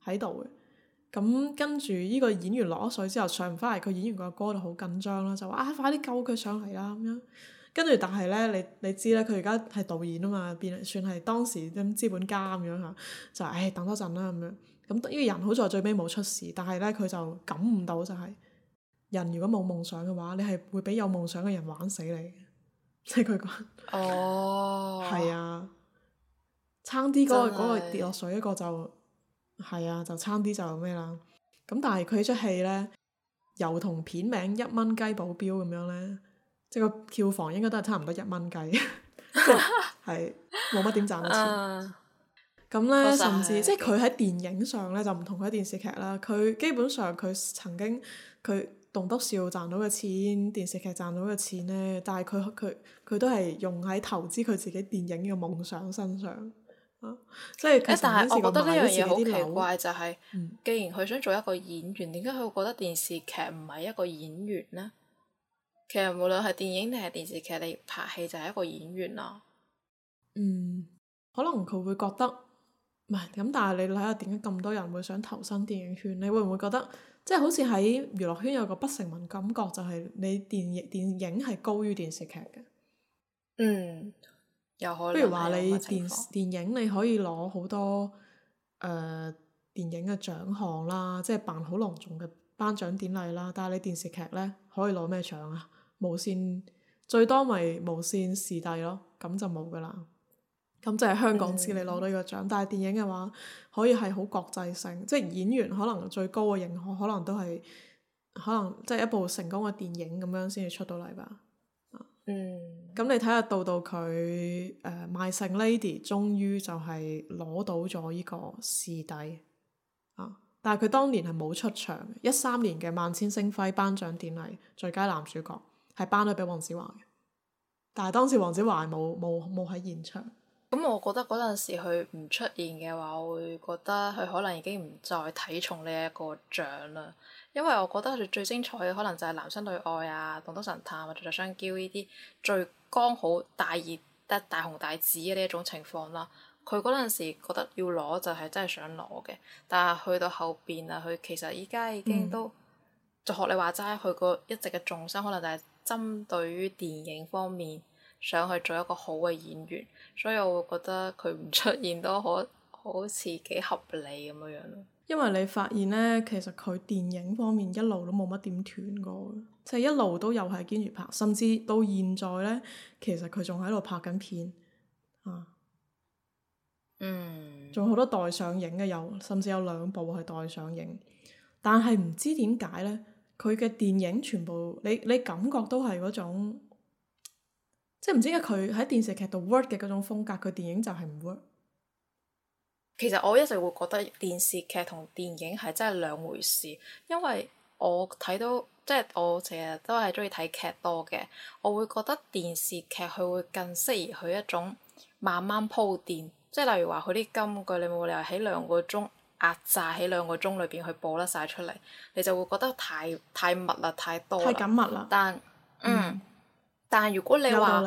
喺度嘅。咁跟住呢個演員落咗水之後，上唔翻嚟，佢演員個哥就好緊張啦，就話啊，快啲救佢上嚟啦咁樣。跟住但係呢，你你知咧，佢而家係導演啊嘛，變算係當時啲資本家咁樣嚇，就唉，等多陣啦咁樣。咁呢個人好在最尾冇出事，但係呢，佢就感唔到就係、是。人如果冇夢想嘅話，你係會俾有夢想嘅人玩死你。即係佢講，哦，係啊，差啲嗰個嗰個跌落水，嗰個就係啊，就差啲就咩啦。咁但係佢呢出戲呢，又同片名一蚊雞保鏢咁樣呢，即係個票房應該都係差唔多一蚊雞，即係冇乜點賺錢。咁呢，甚至即係佢喺電影上呢，就唔同佢喺電視劇啦。佢基本上佢曾經佢。《棟篤笑》賺到嘅錢，電視劇賺到嘅錢呢？但係佢佢佢都係用喺投資佢自己電影嘅夢想身上。啊，即係。但係我覺得呢樣嘢好奇怪，就係、是，嗯、既然佢想做一個演員，點解佢會覺得電視劇唔係一個演員呢？其實無論係電影定係電視劇，你拍戲就係一個演員啦。嗯，可能佢會覺得，唔係咁。但係你睇下點解咁多人會想投身電影圈，你會唔會覺得？即係好似喺娛樂圈有個不成文感覺，就係、是、你電影電影係高於電視劇嘅。嗯，又可以。譬如話你電電影你可以攞好多誒、呃、電影嘅獎項啦，即係辦好隆重嘅頒獎典禮啦。但係你電視劇呢，可以攞咩獎啊？無線最多咪無線視帝咯，咁就冇㗎啦。咁就係香港知你攞到呢個獎，嗯、但係電影嘅話，可以係好國際性，即係演員可能最高嘅認可，可能都係可能即係一部成功嘅電影咁樣先至出到嚟吧。嗯，咁你睇下到到佢誒《My 盛 Lady》終於就係攞到咗呢個視帝啊，但係佢當年係冇出場，一三年嘅《萬千星輝》頒獎典禮最佳男主角係頒咗俾黃子華嘅，但係當時黃子華係冇冇冇喺現場。咁、嗯、我覺得嗰陣時佢唔出現嘅話，我會覺得佢可能已經唔再睇重呢一個獎啦。因為我覺得佢最精彩嘅可能就係《男親女愛》啊，《棟篤神探》啊，《絕代商驕》呢啲最剛好大熱得大紅大紫嘅呢一種情況啦。佢嗰陣時覺得要攞就係真係想攞嘅，但係去到後邊啦、啊，佢其實而家已經都、嗯、就學你話齋，佢個一直嘅重心可能就係針對於電影方面。想去做一個好嘅演員，所以我會覺得佢唔出現都可，好似幾合理咁樣。因為你發現呢，其實佢電影方面一路都冇乜點斷過嘅，即係一路都又係堅持拍，甚至到現在呢，其實佢仲喺度拍緊片啊，嗯，仲好多待上映嘅有，甚至有兩部係待上映，但係唔知點解呢，佢嘅電影全部，你你感覺都係嗰種。即係唔知點解佢喺電視劇度 work 嘅嗰種風格，佢電影就係唔 work。其實我一直會覺得電視劇同電影係真係兩回事，因為我睇到即係我成日都係中意睇劇多嘅，我會覺得電視劇佢會更適宜佢一種慢慢鋪墊。即係例如話佢啲金句，你冇理由喺兩個鐘壓榨喺兩個鐘裏邊去播得晒出嚟，你就會覺得太太密啦，太多，太緊密啦。但嗯。嗯但係如果你話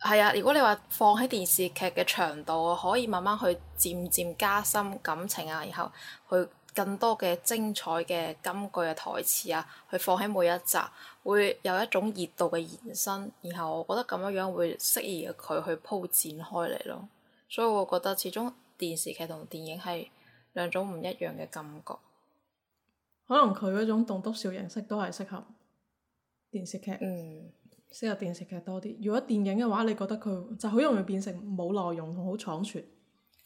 係啊，如果你話放喺電視劇嘅長度，可以慢慢去漸漸加深感情啊，然後去更多嘅精彩嘅金句嘅台詞啊，去放喺每一集，會有一種熱度嘅延伸。然後我覺得咁樣樣會適宜佢去鋪展開嚟咯。所以我覺得始終電視劇同電影係兩種唔一樣嘅感覺。可能佢嗰種棟篤笑形式都係適合電視劇。嗯。適合電視劇多啲。如果電影嘅話，你覺得佢就好容易變成冇內容同好倉促。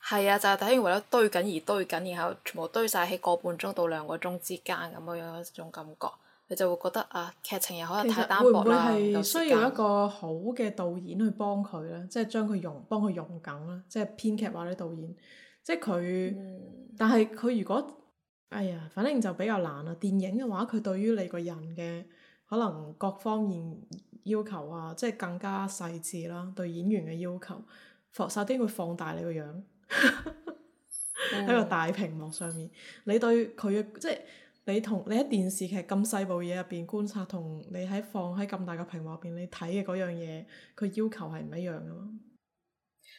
係啊，就係睇完為咗堆緊而堆緊，然後全部堆晒喺個半鐘到兩個鐘之間咁樣有一種感覺，你就會覺得啊劇情又可能太單薄啦。會會需要一個好嘅導演去幫佢咧，即係 (music) 將佢用，幫佢用緊啦。即係編劇或者導演，即係佢。嗯，但係佢如果哎呀，反正就比較難啦。電影嘅話，佢對於你個人嘅可能各方面。要求啊，即係更加細緻啦，對演員嘅要求，佛稍啲會放大你個樣喺 (laughs) 個大屏幕上面，嗯、你對佢嘅即係你同你喺電視劇咁細部嘢入邊觀察，同你喺放喺咁大嘅屏幕入邊你睇嘅嗰樣嘢，佢要求係唔一樣㗎嘛。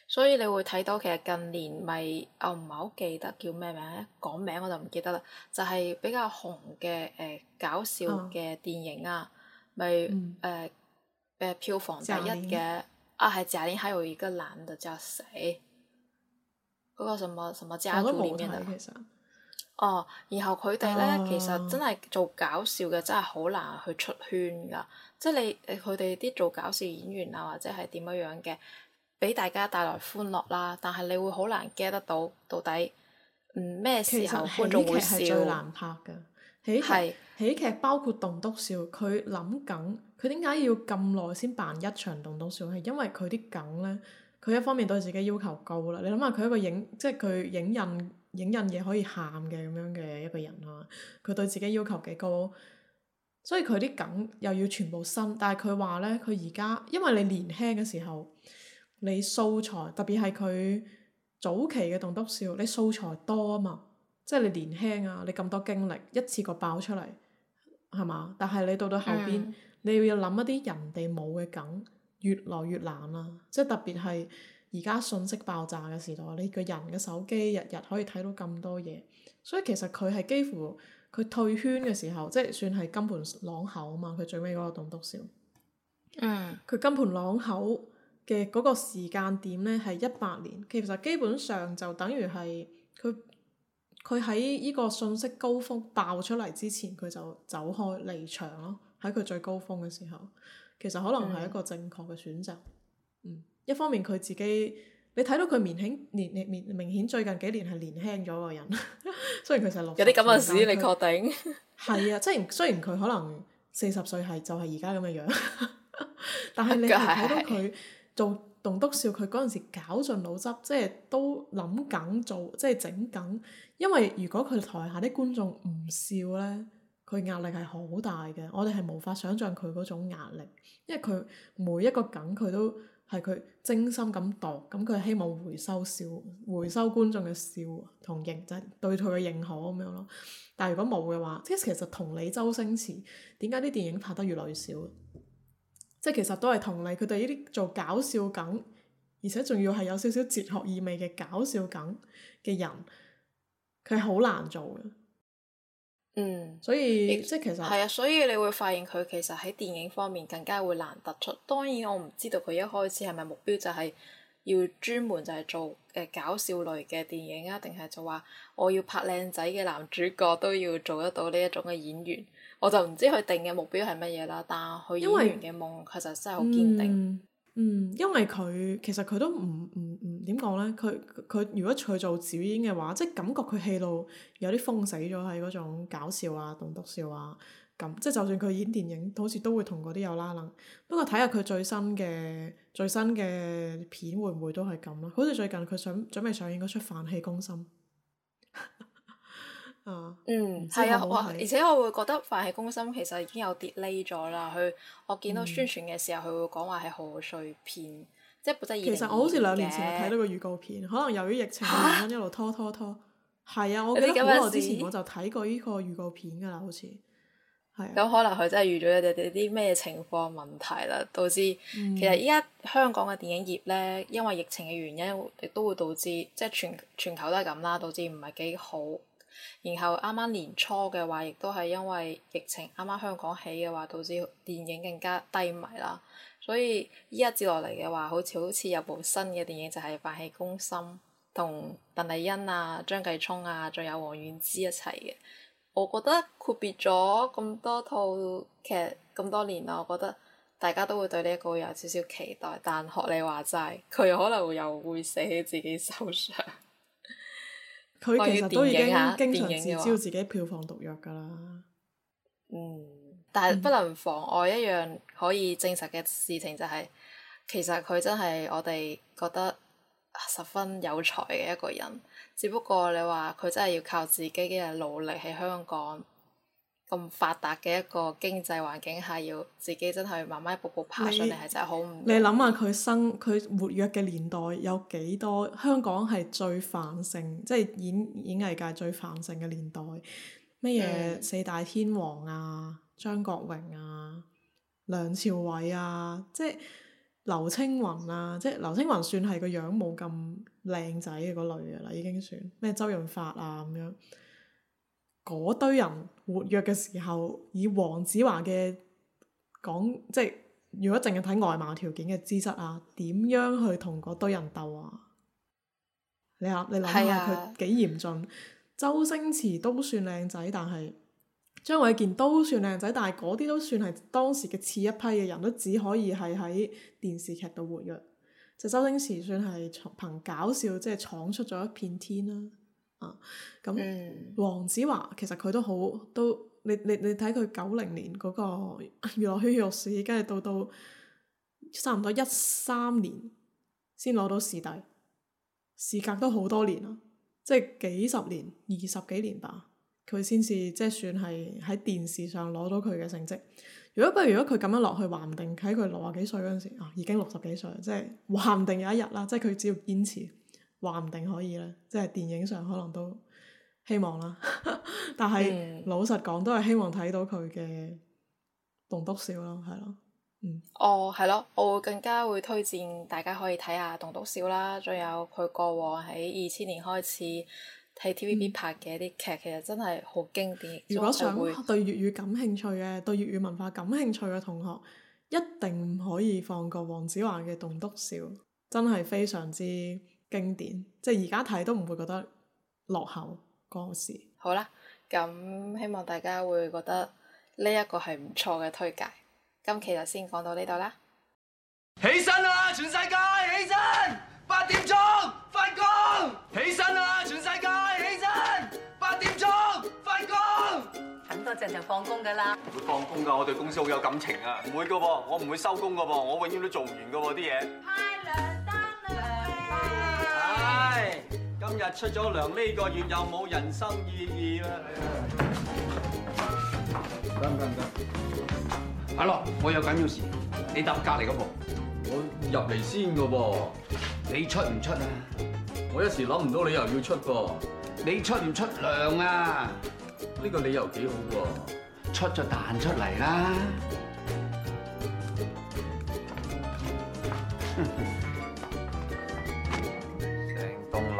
所以你會睇到其實近年咪，我唔係好記得叫咩名咧，講名我就唔記得啦，就係、是、比較紅嘅誒、呃、搞笑嘅電影啊，咪誒、嗯。嗯。票房第一嘅，裡啊，係賈玲，家還有一個男的叫死。嗰、那個什麼什麼家族裏面的？哦，然後佢哋呢，啊、其實真係做搞笑嘅，真係好難去出圈噶。即係你佢哋啲做搞笑演員啊，或者係點樣樣嘅，俾大家帶來歡樂啦。但係你會好難 get 得到到底，咩時候觀眾會笑最難拍噶？喜劇劇是喜劇包括棟篤笑，佢諗緊。佢點解要咁耐先辦一場棟篤笑？係因為佢啲梗呢，佢一方面對自己要求高啦。你諗下，佢一個影，即係佢影印影印嘢可以喊嘅咁樣嘅一個人啊，佢對自己要求幾高，所以佢啲梗又要全部新。但係佢話呢，佢而家因為你年輕嘅時候，你素材特別係佢早期嘅棟篤笑，你素材多啊嘛，即係你年輕啊，你咁多經歷一次過爆出嚟係嘛？但係你到到後邊。嗯。你要諗一啲人哋冇嘅梗，越來越難啦。即特別係而家信息爆炸嘅時代，你個人嘅手機日日可以睇到咁多嘢，所以其實佢係幾乎佢退圈嘅時候，即算係金盤啷口啊嘛。佢最尾嗰個棟篤笑，嗯，佢金盤啷口嘅嗰個時間點呢，係一百年，其實基本上就等於係佢佢喺呢個信息高峰爆出嚟之前，佢就走開離場咯。喺佢最高峰嘅時候，其實可能係一個正確嘅選擇。嗯，一方面佢自己，你睇到佢年輕年年明顯最近幾年係年輕咗個人。雖然佢就係六十有啲咁嘅事，他你確定？係 (laughs) 啊，雖然雖然佢可能四十歲係就係而家咁嘅樣，但係你睇到佢做棟篤笑，佢嗰陣時攪盡腦汁，即係都諗緊做，即係整緊。因為如果佢台下啲觀眾唔笑呢。佢壓力係好大嘅，我哋係無法想象佢嗰種壓力，因為佢每一個梗佢都係佢精心咁度，咁佢希望回收笑、回收觀眾嘅笑同認真、即係、對佢嘅認可咁樣咯。但係如果冇嘅話，即係其實同你周星馳點解啲電影拍得越來越少？即係其實都係同你，佢對呢啲做搞笑梗，而且仲要係有少少哲學意味嘅搞笑梗嘅人，佢係好難做嘅。嗯，所以也即其實係啊，所以你會發現佢其實喺電影方面更加會難突出。當然我唔知道佢一開始係咪目標就係要專門就係做誒、呃、搞笑類嘅電影啊，定係就話我要拍靚仔嘅男主角都要做得到呢一種嘅演員，我就唔知佢定嘅目標係乜嘢啦。但係佢演員嘅夢其實真係好堅定。嗯，因為佢其實佢都唔唔唔點講呢。佢佢如果佢做主演嘅話，即感覺佢戲路有啲封死咗，係嗰種搞笑啊、棟篤笑啊咁。即就算佢演電影，好似都會同嗰啲有拉楞。不過睇下佢最新嘅最新嘅片會唔會都係咁咯？好似最近佢想準，準備上映嗰出《飯戲攻心》。Uh, 嗯，嗯，係啊，啊啊我而且我會覺得《飯戲攻心》其實已經有 delay 咗啦。佢我見到宣傳嘅時候，佢、嗯、會講話係賀歲片，即係本其實我好似兩年前睇到個預告片，可能由於疫情嘅原因一路拖拖拖。係啊，我記得好耐之前我就睇過呢個預告片噶啦，好似係咁。啊、可能佢真係遇咗你哋啲咩情況問題啦，導致、嗯、其實依家香港嘅電影業咧，因為疫情嘅原因，亦都會導致即係全全，全球都係咁啦，導致唔係幾好。然後啱啱年初嘅話，亦都係因為疫情，啱啱香港起嘅話，導致電影更加低迷啦。所以依家接落嚟嘅話，好似好似有部新嘅電影就係、是《飯戲攻心》，同鄧麗欣啊、張繼聰啊，仲有王菀之一齊嘅。我覺得闊別咗咁多套劇咁多年啦，我覺得大家都會對呢一個有少少期待，但學你話齋，佢可能又會死喺自己手上。佢其實都已經經常自嘲自己票房毒藥噶啦。嗯，但係不能妨礙一樣可以證實嘅事情就係、是，其實佢真係我哋覺得十分有才嘅一個人。只不過你話佢真係要靠自己嘅努力喺香港。咁發達嘅一個經濟環境下，要自己真係慢慢一步步爬上嚟，係你真係好唔～你諗下佢生佢活躍嘅年代有幾多？香港係最繁盛，即係演演藝界最繁盛嘅年代。乜嘢四大天王啊，張國榮啊，梁朝偉啊，即係劉青雲啊，即係劉青雲算係個樣冇咁靚仔嘅嗰類嘅啦，已經算咩周潤發啊咁樣。嗰堆人活躍嘅時候，以黃子華嘅講，即係如果淨係睇外貌條件嘅資質啊，點樣去同嗰堆人鬥啊？你啊，你諗下佢幾是、啊、嚴峻。周星馳都算靚仔，但係張衛健都算靚仔，但係嗰啲都算係當時嘅次一批嘅人，都只可以係喺電視劇度活躍。就周星馳算係憑搞笑，即係闖出咗一片天啦、啊。啊，咁黃、嗯、子華其實佢都好都，你你你睇佢九零年嗰、嗰個娛樂圈入市，跟住到差到差唔多一三年先攞到視帝，事隔都好多年啦，即係幾十年二十幾年吧，佢先至即係算係喺電視上攞到佢嘅成績。如果不如，如果佢咁樣落去，話唔定喺佢六十幾歲嗰陣時啊，已經六十幾歲，即係話唔定有一日啦，即係佢只要堅持。話唔定可以呢，即係電影上可能都希望啦。 (laughs) 但係是、嗯、老實講，都係希望睇到佢嘅《棟篤笑》咯、嗯，係咯。哦，係咯，我會更加會推薦大家可以睇下督《棟篤笑》啦，仲有佢過往喺二千年開始喺 TVB 拍嘅一啲劇，嗯、其實真係好經典。如果想對粵語感興趣嘅，嗯、對粵語文化感興趣嘅同學，一定唔可以放過黃子華嘅《棟篤笑》，真係非常之經典，即係而家睇都唔會覺得落後嗰時。好啦，咁希望大家會覺得呢一個係唔錯嘅推介。今期就先講到呢度啦。起身啦，啊，全世界起身！八點鐘，翻工！起身啦，啊，全世界起身！八點鐘，翻工！很多陣就放工噶啦。會放工噶，我對公司好有感情啊。唔會噶噃，我唔會收工噶噃，我永遠都做唔完噶噃啲嘢。今日出咗糧，呢個月又冇人生意義啦！得唔得？阿樂，我有緊要事，你搭隔離嗰部。我入嚟先嘅噃。你出唔出啊？我一時諗唔到你又要出噃。你出唔出糧啊？呢個理由幾好喎，出就彈出嚟啦。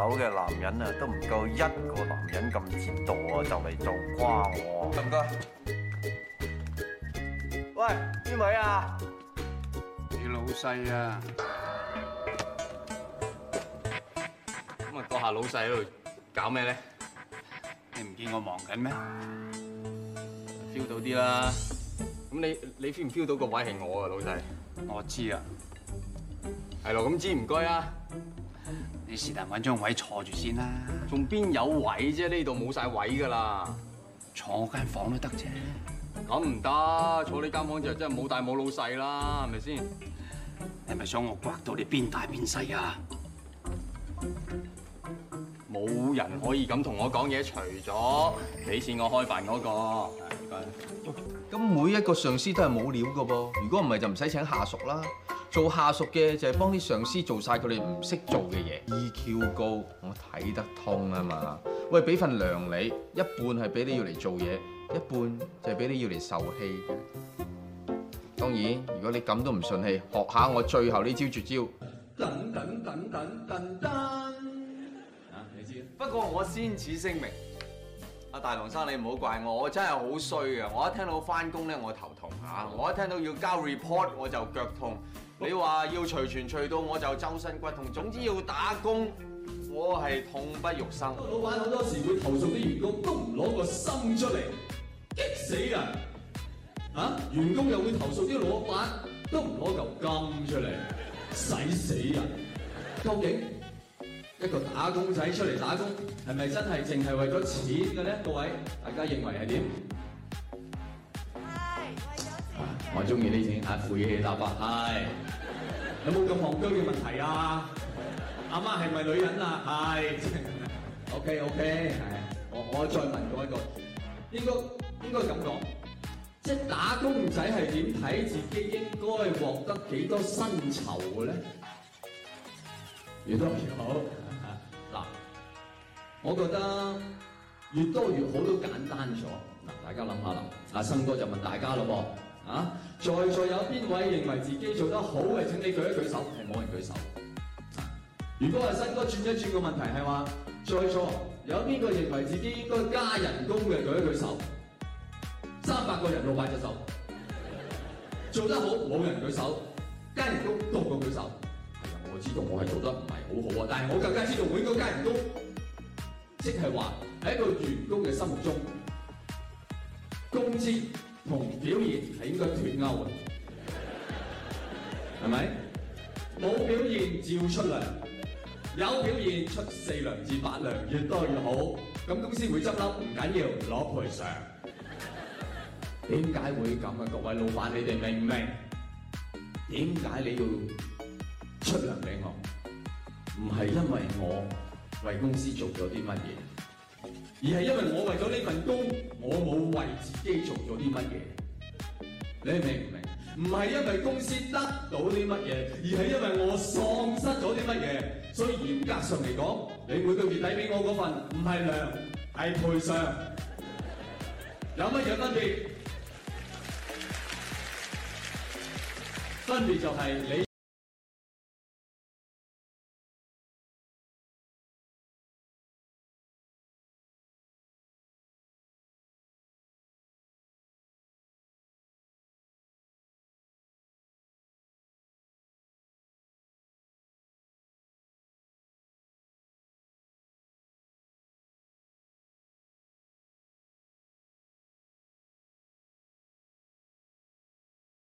好嘅男人啊，都唔夠一個男人咁折墮啊，就嚟做瓜我。唔該。喂，邊位啊？你老細啊？咁啊閣下老細喺度，搞咩咧？你唔見我忙緊咩？feel 到啲啦。咁你你 feel 唔 feel 到個位係我啊，老細？我知啊。係咯，咁知唔該啊。你是但揾張位坐住先啦，仲邊有位啫？呢度冇晒位噶啦，坐我間房都得啫。咁唔得，坐呢間房就真係冇大冇老細啦，係咪先？係咪想我刮到你邊大邊細啊？冇人可以咁同我講嘢，除咗俾錢我開飯嗰個。咁每一個上司都係冇料噶噃，如果唔係就唔使請下屬啦。做下屬嘅就係幫啲上司做晒佢哋唔識做嘅嘢，EQ 高我睇得通啊嘛。喂，俾份糧你，一半係俾你要嚟做嘢，一半就係俾你要嚟受氣嘅。當然，如果你咁都唔順氣，學下我最後呢招絕招，招。等等等等等等啊！你知。不過我先此聲明，阿大龍生你唔好怪我，我真係好衰呀。我一聽到返工咧，我頭痛啊！我一聽到要交 report，我就腳痛。你話要隨傳隨到我就周身骨痛，總之要打工，我係痛不欲生。個老闆好多時會投訴啲員工都唔攞個心出嚟，激死人！啊，員工又會投訴啲老闆都唔攞嚿金出嚟，使死人。究竟一個打工仔出嚟打工係咪真係淨係為咗錢嘅咧？各位，大家認為係點？我中意呢啲，係晦氣打法。係、哎、 (laughs) 有冇咁戇居嘅問題啊？阿媽係咪女人啊？係、哎、 (laughs) ，OK OK，係，我我再問過一個，應該應該咁講，即打工仔係點睇自己應該獲得幾多薪酬嘅咧？ (laughs) 越多越好。嗱， (laughs) 我覺得越多越好都簡單咗。嗱，大家諗下啦。阿新哥就問大家嘞噃。啊，在座有邊位認為自己做得好嘅，請你舉一舉手，係冇人舉手。啊、如果係新哥轉一轉個問題係話，在座有邊個認為自己應該加人工嘅，舉一舉手。三百個人冇擺隻手，做得好冇人舉手，加人工都冇舉手。係、哎、啊，我知道我係做得唔係好好啊，但係我更加知道我應該加人工，即係話喺一個員工嘅心目中，工資，同表現係應該脫鈎啊，係咪？冇表現照出糧，有表現出四糧至八糧，越多越好。咁公司會執笠唔緊要，攞賠償。點解會咁啊？各位老闆，你哋明唔明？點解你要出糧俾我？唔係因為我為公司做咗啲乜嘢。而係因為我為咗呢份工，我冇為自己做咗啲乜嘢，你明唔明？唔係因為公司得到啲乜嘢，而係因為我喪失咗啲乜嘢。所以嚴格上嚟講，你每個月底俾我嗰份唔係糧，係賠償。有乜嘢分別？分別就係你。